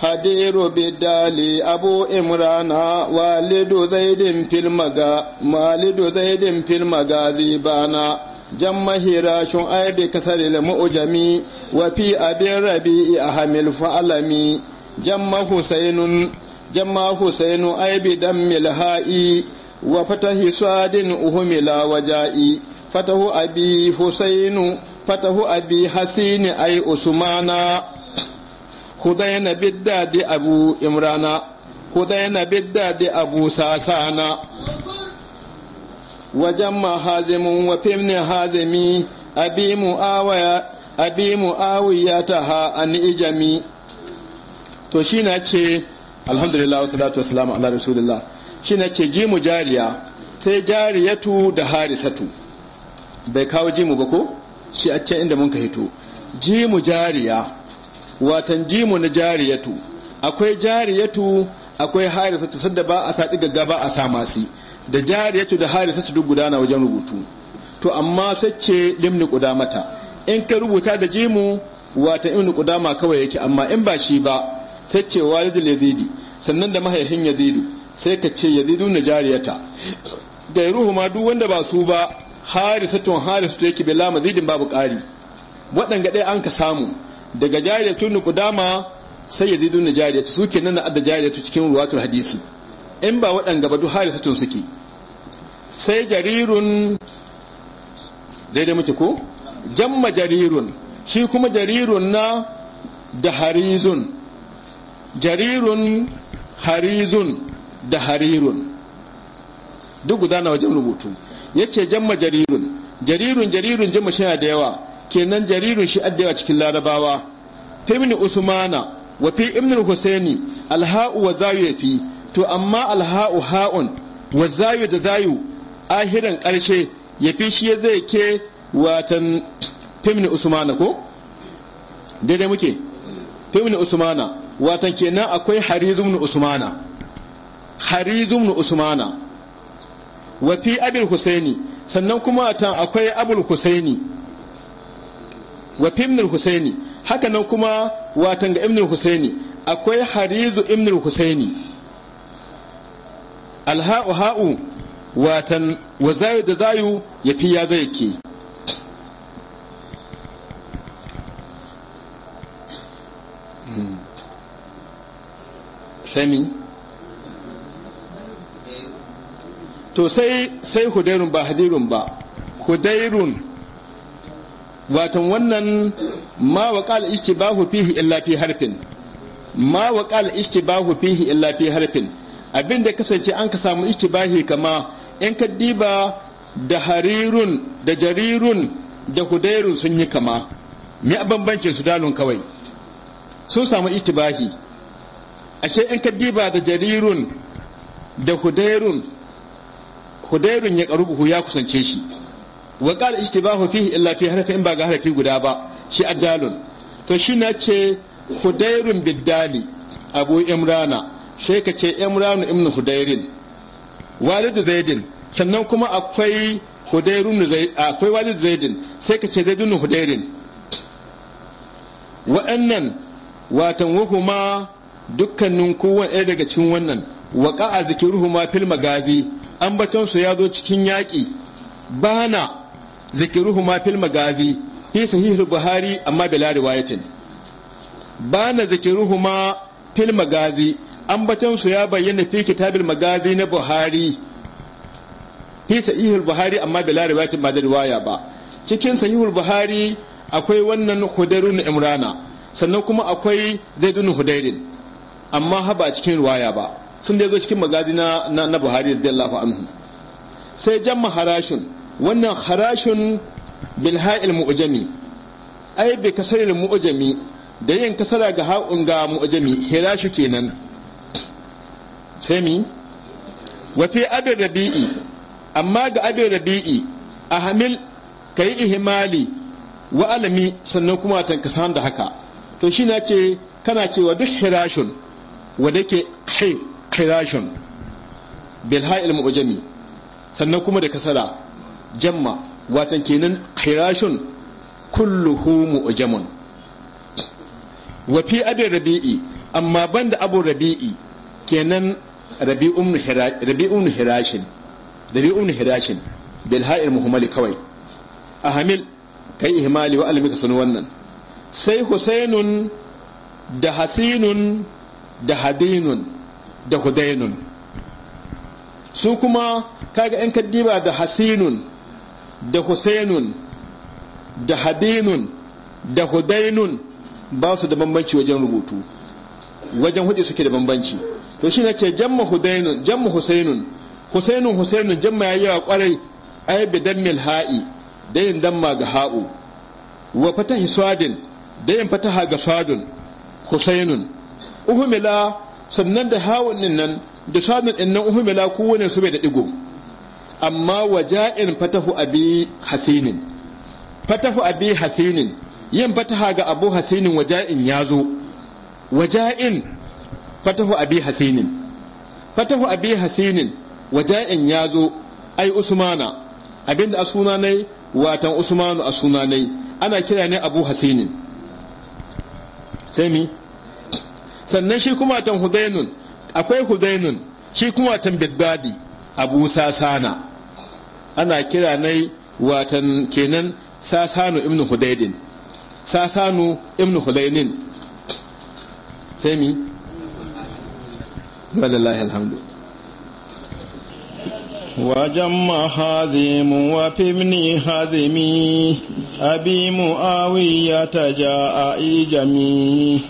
hadiru bidali abu imrana walidu zaidin fil maga malidu zaidin fil magazi bana jan mahira shun aibe kasare le ma'ujami wa fi abin rabi a hamil fa'alami jan mahusainun jan mahusainun aibe dan ha'i, wa fata fatahi suadin uhumila waja'i fatahu abi husainu fatahu abi hasini ai usmana hudayna bidda abu imrana hudayna bidda abu sasana Wajen وجمع هازم وفمن هازمي أبي معاوية أبي معاويتها عن إجمي to shi na ce alhamdulillah wa salatu wa salamu ala rasulillah shi na ce jimu jariya sai jariyatu da harisatu bai kawo jimu ba ko shi a can inda mun ka hito jimu jariya watan jimu na jariyatu akwai jariyatu akwai harisatu sadda ba a sa ɗiga gaba a sa masu da jariyatu da harisa su duk gudana wajen rubutu to amma sace limni kudamata in ka rubuta da jimu wata imni kudama kawai yake amma in ba shi ba sace walidul yazidi sannan da mahaifin yazidu sai ka ce yazidu na jariyata da ruhu ma duk wanda ba su ba harisatun harisatu yake bila zidin babu kari waɗanga ɗaya an ka samu daga ni kudama sai yazidu na jariyata su kenan na adda jariyatu cikin ruwatul hadisi in ba waɗanga ba duhari harisatun suke sai jarirun daidai muke ko jamma jarirun shi kuma jarirun na da harizun jarirun harizun da harirun duk gudana wajen rubutu ya ce jamma jarirun jarirun jarirun jamma shi da yawa kenan jaririn shi adda cikin larabawa fi mini usmana wa fi ibn husaini alha'u wa zawiya to amma alha'u ha'un wa zayu da zayu ahiran ƙarshe ya fi shi zai ke watan femini usmana ko daidai muke femini usmana watan kenan akwai harizun na usmana harizun na usmana wa fi abul husaini sannan kuma tan akwai abul husaini wa fi ibn husaini haka nan kuma watan ga ibn husaini akwai harizu ibn husaini alha'u ha'u watan wa zayu da zayu ya fi ya zai ke sami to sai sai hudairun ba hadirun ba hudairun watan wannan ma wa qal ishtibahu fihi illa fi harfin ma wa qal ishtibahu fihi illa fi harfin abin da kasance an ka samu itibahi kama in ka diba da harirun da jarirun da hudairun sun yi kama me a bambancin su dalun kawai sun samu itibahi ashe in ka diba da jarirun da hudairun hudairun ya buhu ya kusance shi wa qala ishtibahu fihi illa fi harfi in ba ga harfi guda ba shi addalun to shi na ce hudairun biddali abu imrana sai ka ce imran ibn hudairin walid zaidin sannan kuma akwai hudairun akwai walid zaidin sai ka ce zaidun hudairin wa'annan watan wahuma dukkanin kowane ɗaya daga cikin wannan waƙa a zikiruhuma fil magazi su ya zo cikin yaƙi bana zikiruhuma fil magazi fi sahihul buhari amma bila riwayatin bana zikiruhuma fil magazi su ya bayyana fi kitabil magazi na buhari fi sahihul buhari amma bila riwayatin ba da riwaya ba cikin sahihul buhari akwai wannan hudairun imrana sannan kuma akwai zaidun hudairin amma ha ba cikin riwaya ba sun dai zo cikin magazi na na buhari Allahu anhu sai jamma harashin wannan harashin ha'il mu'jami ai bi kasaril mu'jami da yin kasara ga ha'un ga mu'jami hirashu kenan taimi wafi abin rabi'i amma ga abin rabi'i a hamil ka yi ihimali wa alami sannan kuma tankasan da haka to shi na ce kana cewa duk hirashun wadda ke hirashun bilha'il mu'jami sannan kuma da kasara jamma watan kenan hirashun kulluhu mu'jamun wa fi abin rabi'i amma banda abu rabi'i kenan rabi'un hirashin rabi'un hirashin bil ha'ir muhammali kawai a hamil kai ihmali wa alimi ka sanu wannan sai husainun da hasinun da hadinun da hudainun su kuma kaga yan kaddiba da hasinun da husainun da hadinun da hudainun ba su da bambanci wajen rubutu wajen hudu suke da bambanci to shi na ce jamma hudainun jamma husainun husainun husainun jamma ya yawa kwarai ai bi mil ha'i dayin damma ga ha'u wa fatahi swadin dayin fataha ga swadun husainun uhumila sannan da ha'un din nan da swadun din nan uhumila kowane su bai da digo amma waja'in fatahu abi hasinin fatahu abi hasinin yin fataha ga abu hasinin waja'in ya zo waja'in fatahu abi hasinin fatahu abi hasinin waja'in ya zo ai usmana abinda a suna ne watan usmanu a suna ne ana kira ne abu hasinin sai mi sannan shi kuma tan hudainun akwai hudainun shi kuma tan bidbadi abu sasana ana kira ne watan kenan sasanu ibnu hudaydin sasanu ibnu hudaynin sai mi walillahi الحمد وجم حازم وفبني حازمي أبي معاوية جاء إيجمي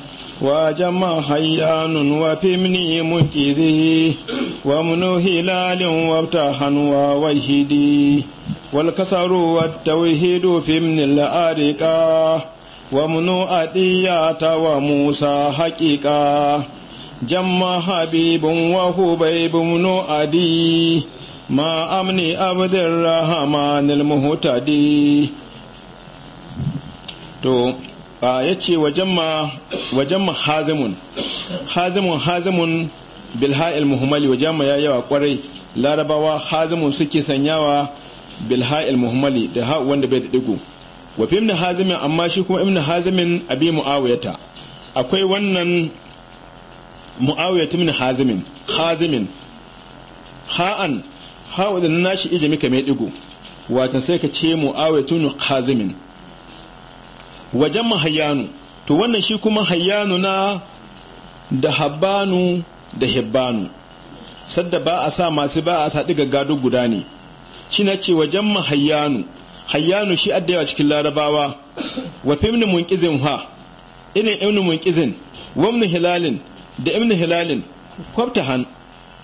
وجم حيان وفي ابن منكذي ومن هلال وابتحا ووهدي والكسر والتوحيد في ابن الأرقى ومن أديات وموسى حقيقة جم حبيب وهبيب بن أدي ما أمني عبد الرحمن المهتدي to ya ce wajen ma hazimun hazimun hazimun bilha'il muhammali wajen ma ya yawa kwarai larabawa hazimun suke sanyawa bilha'il muhammali da ha wanda bai da digo wafi imna hazimin amma shi kuma imna hazimin abi mu'awiyata akwai wannan mu'awiyah ibn hazimin hazimin ha'an ha wadannan nashi ije mika mai digo watan sai ka ce mu'awiyah ibn hazimin wajen hayanu to wannan shi kuma hayanu na da habbanu da hibbanu sadda ba a sa masu ba a sa diga gado guda ne shi na ce wajen mahayyanu hayyanu shi adda cikin larabawa wa fimni munqizin ha ina ibnu munqizin wa hilalin da ibn hilalin kwabta han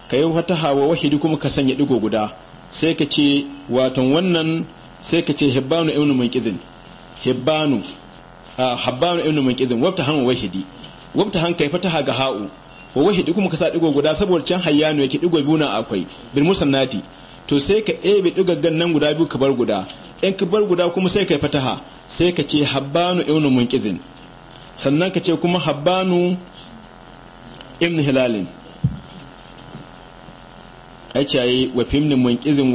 ka yi wata hawa wahidi kuma ka sanya digo guda sai ka ce watan wannan sai ka ce hibbanu ibn munqizin hibbanu a habbanu ibn munqizin wabta han wahidi wabta han ka yi fataha ga ha'u wa wahidi kuma ka sa digo guda saboda can hayyanu yake digo biyu na akwai bin musan nati to sai ka ɗebe ɗigaggan nan guda biyu ka bar guda in ka bar guda kuma sai ka yi fataha sai ka ce habbanu ibn munqizin sannan ka ce kuma habbanu ibn hilalin aice yayi wa fimnin munqizin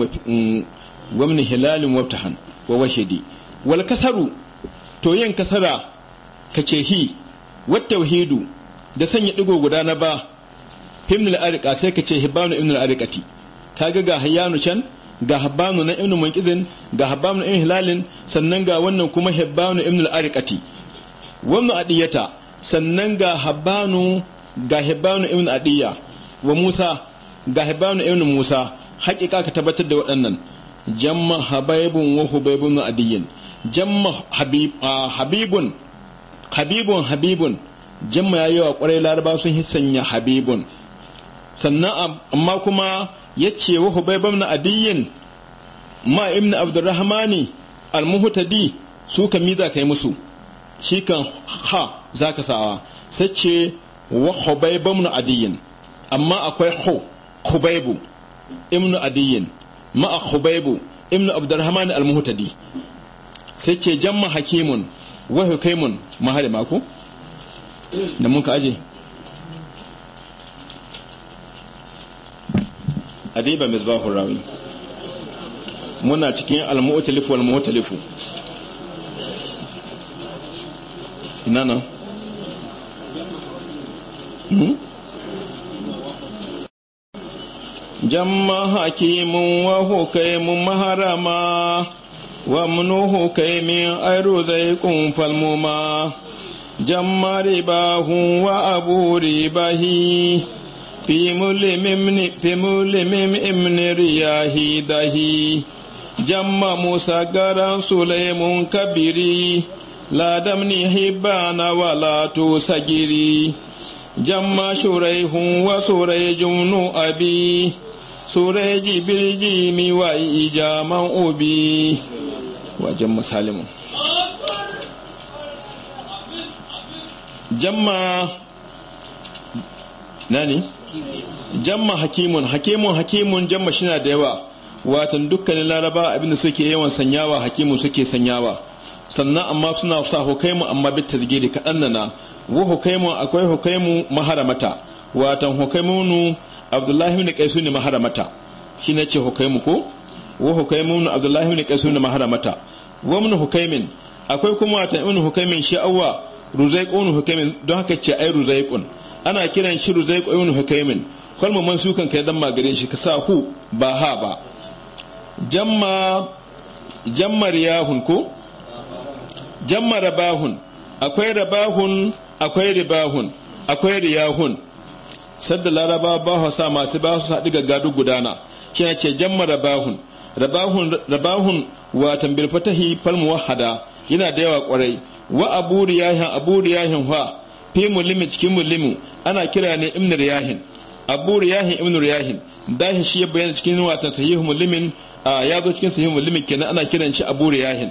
gwamnin mm, hilalin wabtahan wa washidi wal kasaru to yin kasara ka ce hi wat tauhidu da sanya digo guda na ba fimnil arika sai ka ce hibanu ibn al arikati ka ga ga hayyanu can ga habbanu na ibn munkizin ga habbanu ibn hilalin sannan ga wannan kuma hibbanu ibn al arikati wannan adiyata sannan ga habbanu ga hibbanu ibn adiyya wa musa ga hibbanu ibn musa hakika ka tabbatar da waɗannan jamma habaibun wa hubaibun adiyyin jamma habibun habibun habibun jamma yi wa ƙwarai laraba sun sanya habibun sannan amma kuma ya ce wa hubaibun adiyyin ma ibn abdurrahmani almuhtadi su ka miza kai musu shi kan ha zaka sawa sai ce wa hubayb ibn adiyin amma akwai khu khubaybu ibn adiyin ma khubaybu ibn abdurrahman al-muhtadi sai ce jamma hakimun wa hukaimun maharima ko da mun ka aje adiba misbahur rawi muna cikin al-mu'talif wal mu'talifu ina nan Hmm? jamma hakimin wa hukaimin maharama wa munu hukaimin airu zai kumfal muma jamma ribahun wa abu ribahi fi mulimim imni riyahi dahi jamma musa garan sulaimun kabiri ladamni hibana wala tusagiri sagiri jamma shuraihu wa suraijun nu abi suraiji birji mi wa ijaman ubi wajen musalimu jamma nani jamma hakimun hakimun hakimun jamma shina da yawa watan dukkanin laraba abinda suke yawan sanyawa hakimun suke sanyawa sannan amma suna sa hukaimu amma bitta zigiri kaɗan na wa hukaimu akwai hukaimu maharamata watan hukaimunu abdullahi ibn qaisu ne maharamata shi ne ce hukaimu ko wa hukaimunu abdullahi ibn qaisu ne maharamata wa min hukaimin akwai kuma watan ibn hukaimin shi awwa ruzaiqun hukaimin don haka ce ai ruzaiqun ana kiran shi ruzaiqun hukaimin kalmar kan kai dan magare shi ka sa hu ba ha ba jamma jammar yahun ko jammar rabahun akwai rabahun akwai ribahun akwai riyahun sadda laraba ba sa masu ba su ga gaggadu gudana shi na ce jamma rabahun rabahun rabahun watan bil fatahi falmu wahada yana da yawa kwarai wa abu riyahin abu riyahin fa fi mulimi cikin mulimi ana kira ne ibn riyahin abu riyahin ibn riyahin dahi shi ya bayyana cikin watan sahihu mulimin ya zo cikin sahihu mulimin kenan ana kiran shi abu riyahin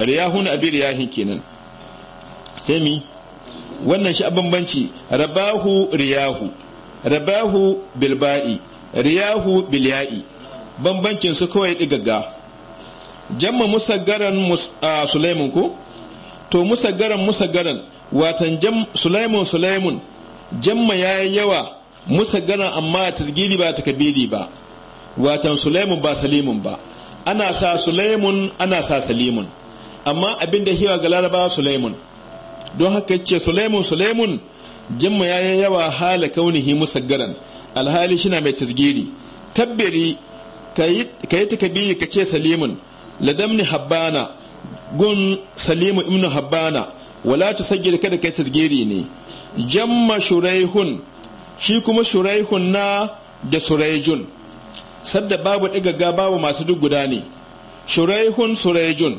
riyahun abi riyahin kenan sai mi wannan shi bambanci rabahu riyahu rabahu bilba'i riyahu bilya'i bambancin su kawai digagga jamma musaggaran sulaimun ko to musaggaran musaggaran watan jam sulaimun sulaimun jamma yi yawa musaggaran amma tasgiri ba takabiri ba watan sulaimun ba salimun ba ana sa sulaimun ana sa salimun amma abinda hewa ga larabawa sulaimun don haka yace sulaimun sulaimun jimma yi yawa hala kaunihi musaggaran alhali shina mai tasgiri tabbiri kayi takabi ka ce salimun ladamni habbana gun salimu imnu habbana wala sagir kada kai tasgiri ne jamma shuraihun shi kuma shuraihun na da suraijun sadda babu ga babu masu duk guda ne shuraihun suraijun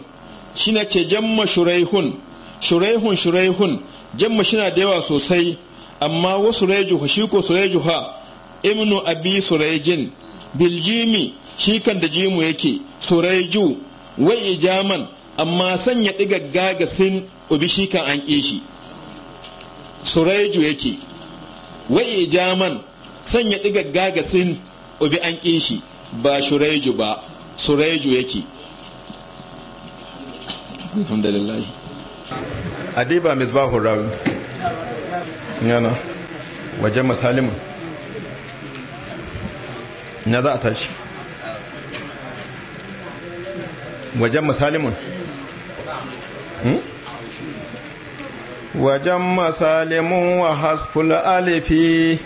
shi na ce jamma shuraihun shuraihun shuraihun jamma shina da yawa sosai amma wasu rejuha shi ko surejuha imnu abi surejin biljimi shi kan da jimu yake suraiju wai ijaman amma sanya digagga ga sin ubi shi kan an shi suraiju yake wai ijaman sanya digagga ga sin ubi an shi ba shuraiju ba suraiju yake alhamdulillah adiba misbahur rawi yana wajen masalimu na za a tashi wajen masalimun hmm? wajen masalimun wa hasful alifi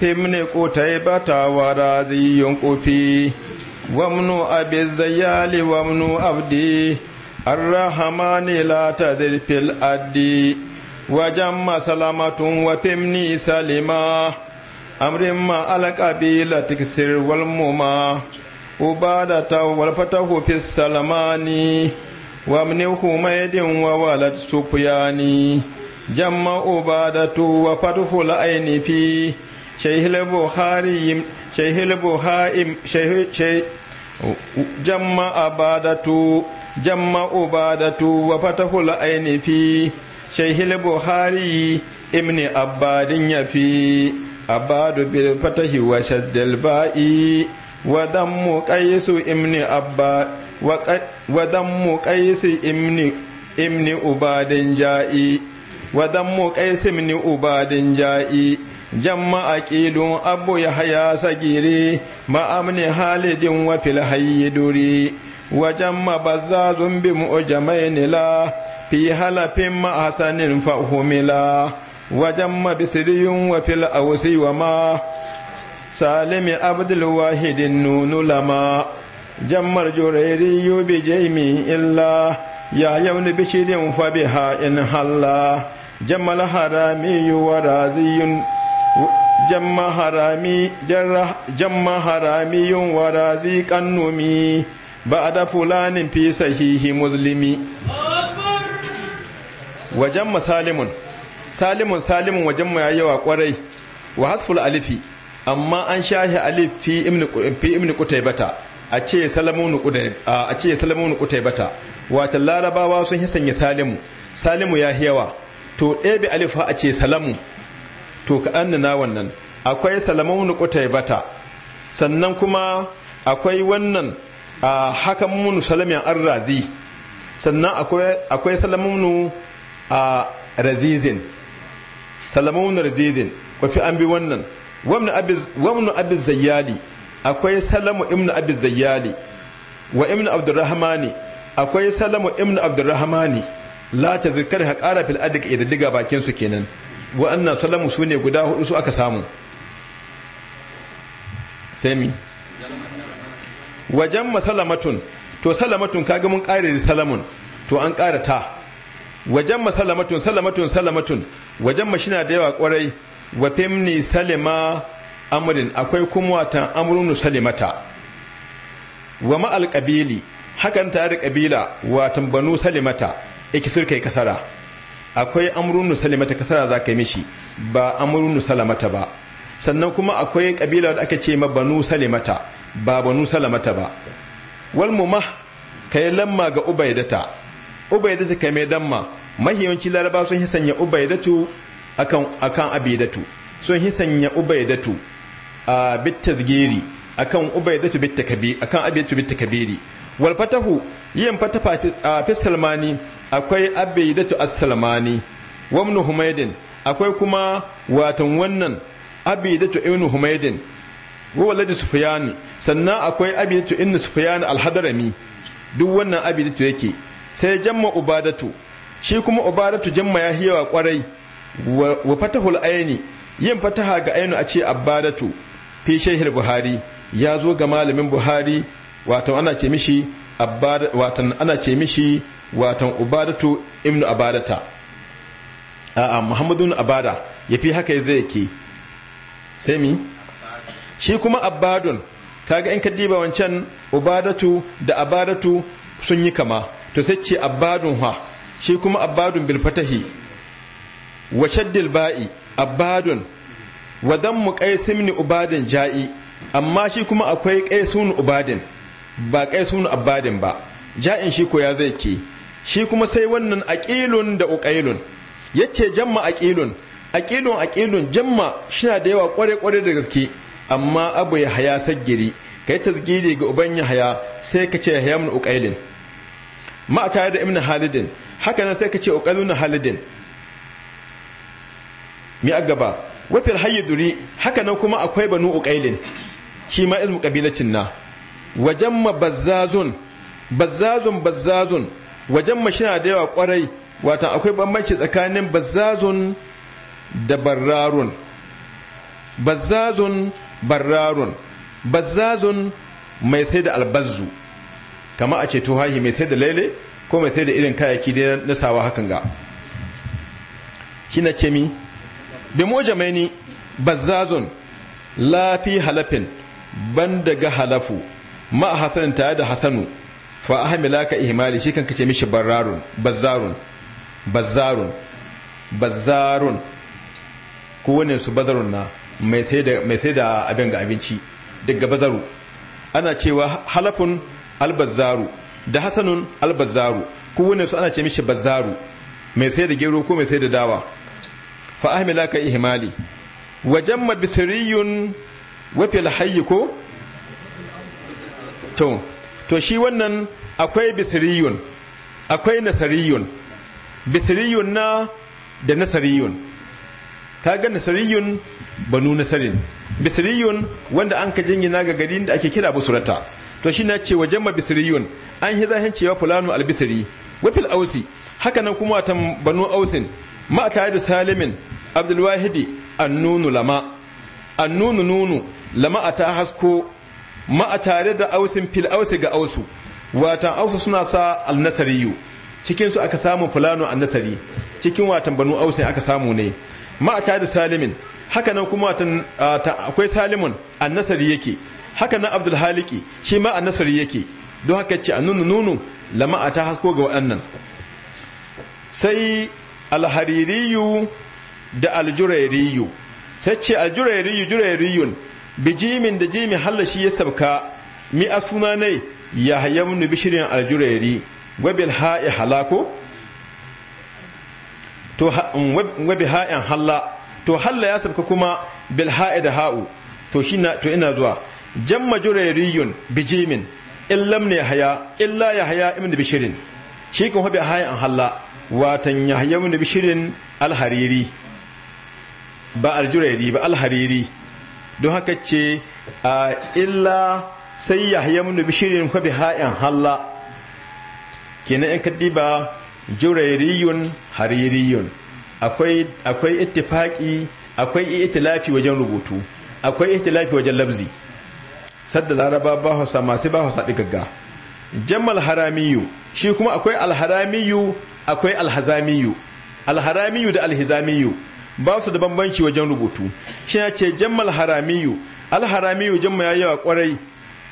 himni kutai bata wa raziyun kufi wamnu abin zayali wamnu abdi الرحمن لا تذر في الأدي وجم سلامة وتمني سلما أمر ما على قبيلة تكسر والمما عبادة والفتح في السلمان ومن حميد وولد سفيان جم عبادة وفتح العين في شيخ البخاري شيخ البخاري شيخ جم عبادته jamma ubadatu wa fatahul aini fi shaihil buhari imni abadin ya fi abadu bil fatahi wa shaddal ba'i wa dammu qaisu imni imni imni ubadin ja'i wa dammu abu yahya sagiri ma'amni amni halidin wa fil hayyi wajen mabazazun bi mu jama'inila fi halafin ma'asanin fahumila wajen mabisiriyun wa fil ausi wa ma salimi abdul wahidin nunu lama jammar jurairiyu bi jaimi illa ya yauni bishirin fa biha in halla jammal harami wa raziyun jamma harami jamma kannumi ba'da fulanin fi sahihi muslimi wajen masalimun salimun salimun wajen mu yayi yawa kwarai wa hasful alifi amma an shahi alif fi ibn fi ibn qutaybata a ce salamun qutayb a ce salamun qutaybata wato larabawa sun hisanya salimu salimu ya yawa to ɗebe alif a ce salamu to ka annana wannan akwai salamun qutaybata sannan kuma akwai wannan A hakan munu salam an razi sannan akwai salamunu a razizin salamunu razizin kwafi an bi wannan wamnu abu zayyali akwai salamu imnu abu zayyali wa ibn abdurrahmani akwai salamu imnu abdurrahmani la ta zirkar kara fil adik diga bakin su kenan wa'annan salamu su ne guda hudu su aka samu sai mi wajen masalamatun to salamatun kaga mun ƙare salamun to an ƙara ta wajen masalamatun salamatun salamatun wajen mashina da yawa kwarai wa femni salima amurin akwai kuma watan amurinu salimata wa ma'al qabili hakan ta yi ƙabila watan banu salimata ikisir yi kasara akwai amurinu salimata kasara za ka yi mishi ba amurinu salamata ba sannan kuma akwai ƙabila da aka ce ma banu salimata ba banu salamata ba wal mumah kai lamma ga ubaidata ubaidata kai mai damma mahiyanci laraba sun hisanya ubaidatu akan akan abidatu sun hisanya ubaidatu a bitazgiri akan ubaidatu bittakabi akan abidatu bittakabiri wal fatahu yin fatafa fi salmani akwai abidatu as-salmani wa ibn humaydin akwai kuma watan wannan abidatu ibn humaydin wa waladi sufyan sannan akwai abidatu inna sufyan alhadrami duk wannan abidatu yake sai jamma ubadatu shi kuma ubadatu jamma ya hiyawa kwarai wa fatahul ayni yin fataha ga ayni a ce abadatu fi al buhari ya zo ga malamin buhari watan ana ce mishi watan ana ce mishi wato ubadatu ibnu abadata a'a muhammadun abada yafi haka yake sai mi shi kuma abadun kaga in ka diba wancan ubadatu da abadatu sun yi kama to sai ce abadun ha shi kuma abadun bil fatahi wa shaddil ba'i abadun wa dammu qaisim ni ubadin ja'i amma shi kuma akwai qaisun ubadin ba qaisun abadin ba ja'in shi ko ya zai ke shi kuma sai wannan aqilun da uqailun yace jamma aqilun aqilun aqilun jamma shina da yawa kware kware da gaske amma abu ya haya saggiri ka yi tazgiri ga uban ya haya sai ka ce haya min ukailin ma tare da ibn halidin haka nan sai ka ce uƙailun halidin mi a gaba wafil hayyi duri haka nan kuma akwai banu ukailin shi ma ilmu kabilacin na wajen ma bazzazun bazzazun bazzazun wajen ma shi na da yawa kwarai wata akwai bambanci tsakanin bazzazun da bararun bazzazun barrarun bazazun mai sai da albazzu kama a ce tuhahi mai sai da lele ko mai sai da irin kayaki da na sawa hakan ga hina ce mi bi mujamaini bazzazun lafi halafin ban daga halafu ma hasanin tare da hasanu fa ahmilaka ihmali shi kanka ce mishi bararun bazarun bazarun bazarun ko wane su bazarun na mai sai da abin ga abinci daga bazaru ana cewa halafun albazaru da hasanun albazaru kowane su ana ce mishi bazaru mai sai da gero ko mai sai da dawa fa ka ihmali wajen mabisiriyun wafil hayi ko to to shi wannan akwai bisiriyun akwai nasariyun bisiriyun na da nasariyun ta ga nasariyun banu nasarin bisriyun wanda an ka jingina ga garin da ake kira busurata to shi na ce wa jama bisriyun an yi zahin cewa fulanu albisri wafil ausi haka nan kuma watan banu ausin ma tare da salimin abdulwahidi annunu lama annunu nunu lama a ta hasko ma a tare da ausin fil ausi ga ausu watan ausu suna sa alnasariyu cikinsu aka samu fulano annasari cikin watan banu ausin aka samu ne ma a tare da salimin haka nan kuma akwai salimun nasari yake haka nan abdul haliki shi ma nasari yake don haka ce a nunu nunu lama'a ta hasko ga waɗannan sai alhaririyu da aljurairiyu sai ce aljurairiyu jurairiyun bijimin da jimin shi ya sabka mi a suna ne ya hayyamnu bishirin aljurairi gwabin ha'i halako to wabi ha'in halla to halla ya sabka kuma bil ha'i da ha'u to shi na to ina zuwa jamma jurayriyun bijimin illam ne haya illa ya haya ibn bishirin shi kan hobi haya an halla watan ya haya ibn bishirin alhariri ba aljurayri ba alhariri don haka ce a illa sai ya haya ibn bishirin hobi an halla kenan in kaddiba hariri haririyun akwai akwai akwai itilafi wajen rubutu akwai itilafi wajen labzi sadda laraba ba hausa masu ba hausa gagga. jammal haramiyu shi kuma akwai alharamiyu akwai alhazamiyu alharamiyu da alhizamiyu ba su da bambanci wajen rubutu shi na ce jammal haramiyu alharamiyu jamma ya wa kwarai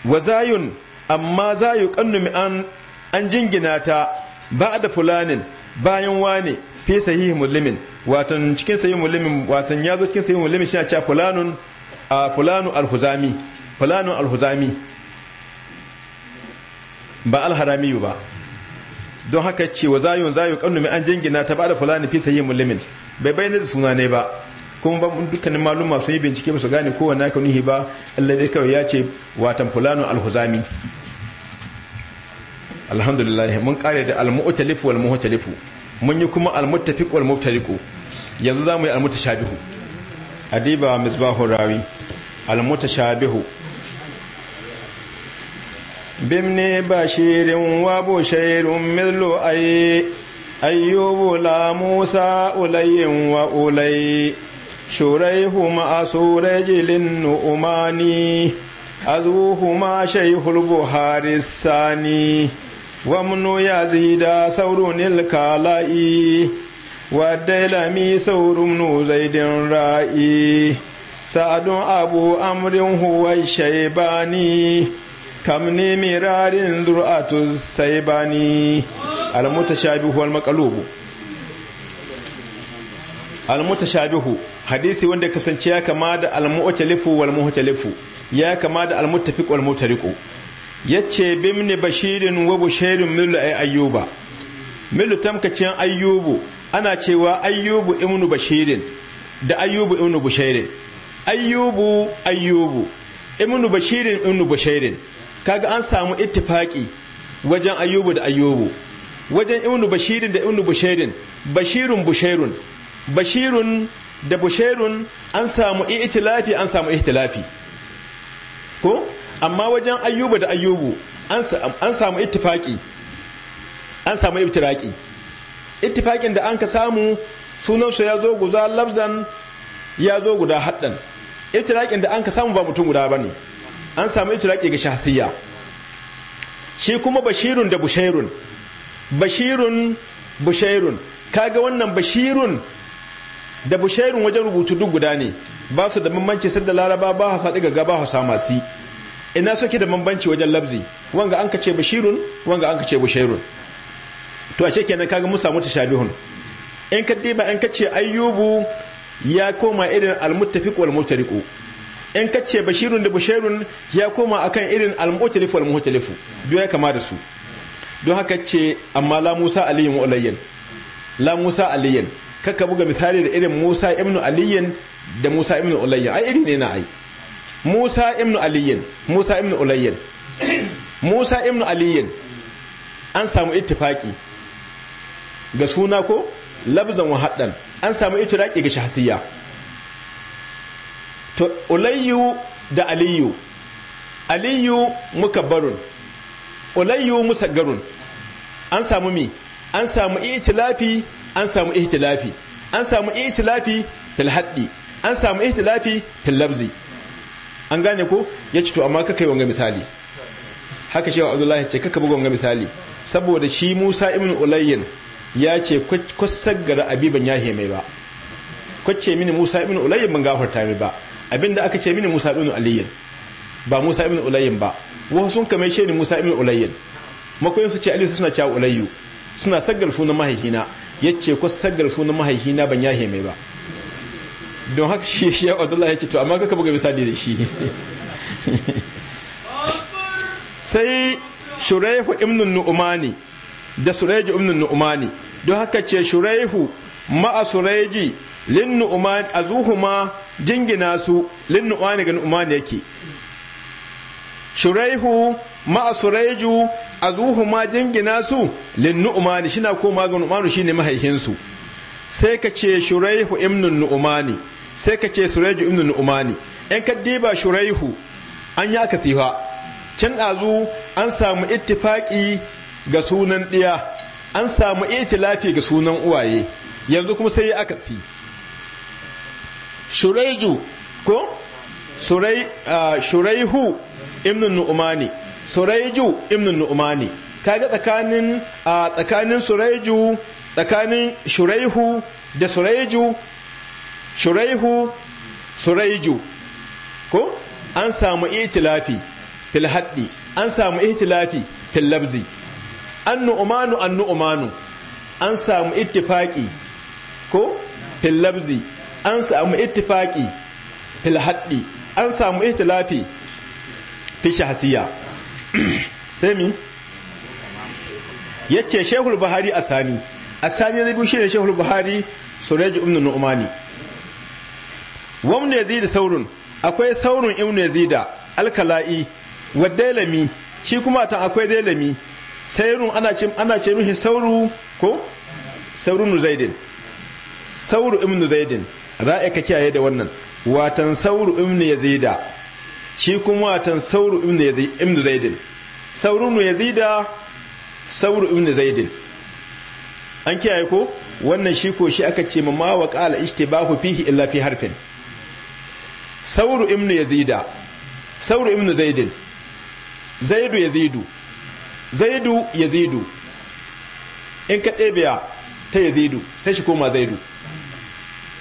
wa zayun amma zayu kannu an an jingina ta ba da fulanin bayan wane fi sahihi mulmin watan cikin sahihi mulmin watan yazo cikin sahihi mulmin shi cewa fulanun a fulanu alhuzami fulanun alhuzami ba alharami ba don haka ce wa zayun zayu kannu mai an jingina ta bada fulani fi sahihi mulmin bai bayyana da suna ne ba kuma ba dukkanin maluma sun yi bincike ba su gane kowanne aka nuhi ba Allah dai kawai ya ce watan fulanu alhuzami alhamdulillah mun kare da almu'talif wal muhtalifu mun yi kuma almuttafiq wal muftariqu yanzu zamu yi almutashabihu adiba misbahu rawi almutashabihu Bimne bashirin wa bushairun mithlu ay ayyubu la musa ulayyin wa ulay shuraihuma asurajilin nu'mani azuhuma shaykhul buhari sani wa muno ya zida saurun kala'i wa dailami saurun nu zaidin ra'i sa'adun abu amrin huwa shaibani kam ne mirarin zuratu saibani almutashabihu almaqlubu almutashabihu hadisi wanda kasance ya kama da almu'talifu walmuhtalifu ya kama da almuttafiq walmutariqu yace bimni bashirin wa bushairin milu ay ayyuba milu tamkacin ayyubu ana cewa ayyubu ibnu bashirin da ayyubu ibnu bushairin ayyubu ayyubu ibnu bashirin ibnu bushairin kaga an samu ittifaki wajen ayyubu da ayyubu wajen ibnu bashirin da ibnu bushairin bashirun bushairun bashirun da bushairun an samu i'tilafi an samu ihtilafi ko amma wajen ayyuba da ayyubu an samu ittifaki an samu ibtiraki ittifakin da an ka samu sunansa ya zo guda lafzan ya zo guda haddan ibtirakin da an ka samu ba mutum guda ba ne an samu ibtiraki ga shahsiya shi kuma bashirun da bushairun bashirun bushairun kaga wannan bashirun da bushairun wajen rubutu duk guda ne ba su da bambanci sadda laraba ba hasa diga gaba hasa masu ina soke da bambanci wajen labzi wanga an ka ce bashirun wanga an ka ce bushairun to ashe kenan kaga mun samu tashabihun in ka diba in ka ce ayyubu ya koma irin almuttafiq wal mutariqu in ka ce bashirun da bushairun ya koma akan irin almutalif wal mutalifu do ya kama da su don haka ce amma la Musa aliyin mu'layyan la Musa aliyin kaka buga misali da irin Musa ibnu aliyin da Musa ibnu ulayyan ai iri ne na ai musa ibn aliyin musa ibn ulayyin musa ibn aliyin an samu ittifaki ga suna ko labzan wahaddan an samu itiraki ga shahsiya to ulayyu da aliyu aliyu mukabbarun ulayyu musaggarun an samu mi an samu ittilafi an samu ittilafi an samu ittilafi fil haddi an samu ittilafi fil labzi an gane ko ya ci to amma kaka yi wanga misali haka shewa abdullahi ce kaka bugon wanga misali saboda shi musa ibn ulayyin ya ce kwasar gara abi ban he mai ba kwace mini musa ibn ulayyin ban gafarta mai ba abinda aka ce mini musa ibn ulayyin ba musa ibn ulayyin ba wasu sun kame shi ne musa ibn ulayyin makoyin su ce alisu suna cewa ulayyu suna sagar sunan mahaihina ya ce kwasar gara sunan mahaihina ban he mai ba don haka shi shi abdullahi ya ce to amma kaka buga misali da shi sai shuraihu ibn nu'mani da shuraihu ibn nu'mani don haka ce shuraihu ma'a suraiji lin nu'mani azuhuma jingina su lin nu'mani ga nu'mani yake shuraihu ma'a zuhu azuhuma jingina su lin nu'mani shina koma ga shi shine mahaihinsu sai ka ce shuraihu ibn nu'mani sai ka ce suraihu ibn nu'mani in ka diba shuraihu an ya kasifa can ɗazu an samu ittifaki ga sunan ɗiya an samu itilafi ga sunan uwaye yanzu kuma sai ya akasi shuraiju ko shuraihu ibn nu'mani suraiju ibn nu'mani kaga tsakanin a tsakanin suraiju tsakanin shuraihu da suraiju shuraihu suraiju ko an samu itilafi fil haddi an samu itilafi fil labzi an nu'manu an nu'manu an samu ittifaqi ko fil labzi an samu ittifaqi fil haddi an samu itilafi fi shahsiya [CLEARS THROAT] sai mi yace shehul bahari asani asani na biyu shehul bahari Suraiju ibn nu'mani ne zida saurun akwai saurun ne zida, alkala'i wa dailami shi kuma ta akwai dailami Sairun ana ce ana ce mihi sauru ko saurun zaidin sauru ibn zaidin ra'ayi ka kiyaye da wannan watan sauru ibn yazida shi kuma watan sauru ibn ibn zaidin saurun yazida sauru ibn zaidin an kiyaye ko wannan shi ko shi aka ce ma wa qala ishtibahu fihi illa fi harfin sauru ibnu yazida sauru ibnu zaidin zaidu yazidu zaidu yazidu in ka ɗebiya ta yazidu sai shi koma zaidu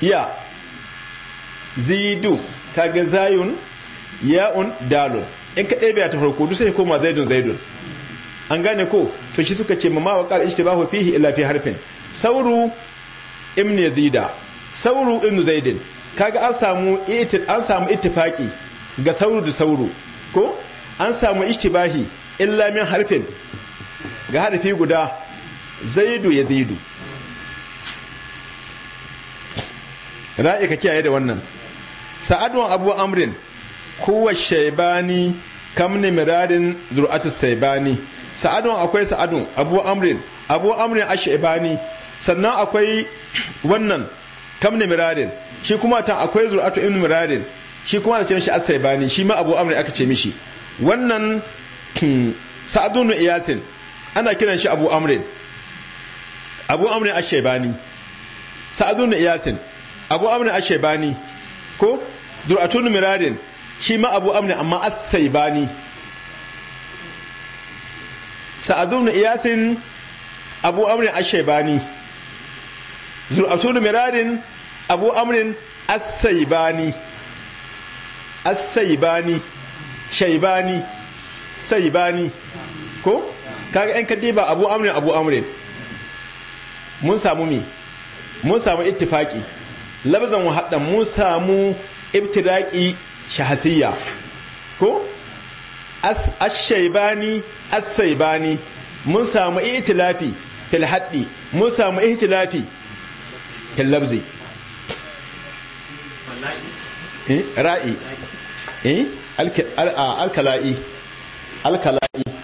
ya zidu kaga zayun ya'un dalun in ka ɗebiya ta farko sai shi koma zaidun zaidun an gane ko to shi suka ce mama wa qal ijtibahu fihi illa fi harfin sauru ibnu yazida sauru ibnu zaidin kaga an samu an samu ittifaki ga sauro da sauro ko an samu ishtibahi illa min harfin ga harfi guda zaidu ya zaidu ra'ayi ka kiyaye da wannan sa'adun abu amrin kowa shaibani kamni mirarin zur'atu saibani sa'adun akwai sa'adun abu amrin abu amrin ashaibani sannan akwai wannan kamni mirarin shi kuma ta akwai zur'atu ibn muradin shi kuma da ce mishi asaibani shi ma abu amri aka ce mishi wannan [CLEARS THROAT] sa'adun iyasin ana kiran shi abu amrin abu amrin ash-shaybani sa'adun iyasin abu amrin ash ko ko ibn muradin shi ma abu amri amma asaibani saibani sa'adun iyasin abu amrin ash zuratu ibn muradin abu amrin as-saibani as-saibani shaibani saibani ko kaga ɗan kaɗe ba abu amrin abu amrin mun samu mi mun samu ittifaki labzan wahaddan mun samu ibtiraki shahasiyya ko ashaibani asaibani mun samu itilafi fil haddi mun samu ihtilafi fil labzi Eh, ra'i eh, alkala'i alkala'i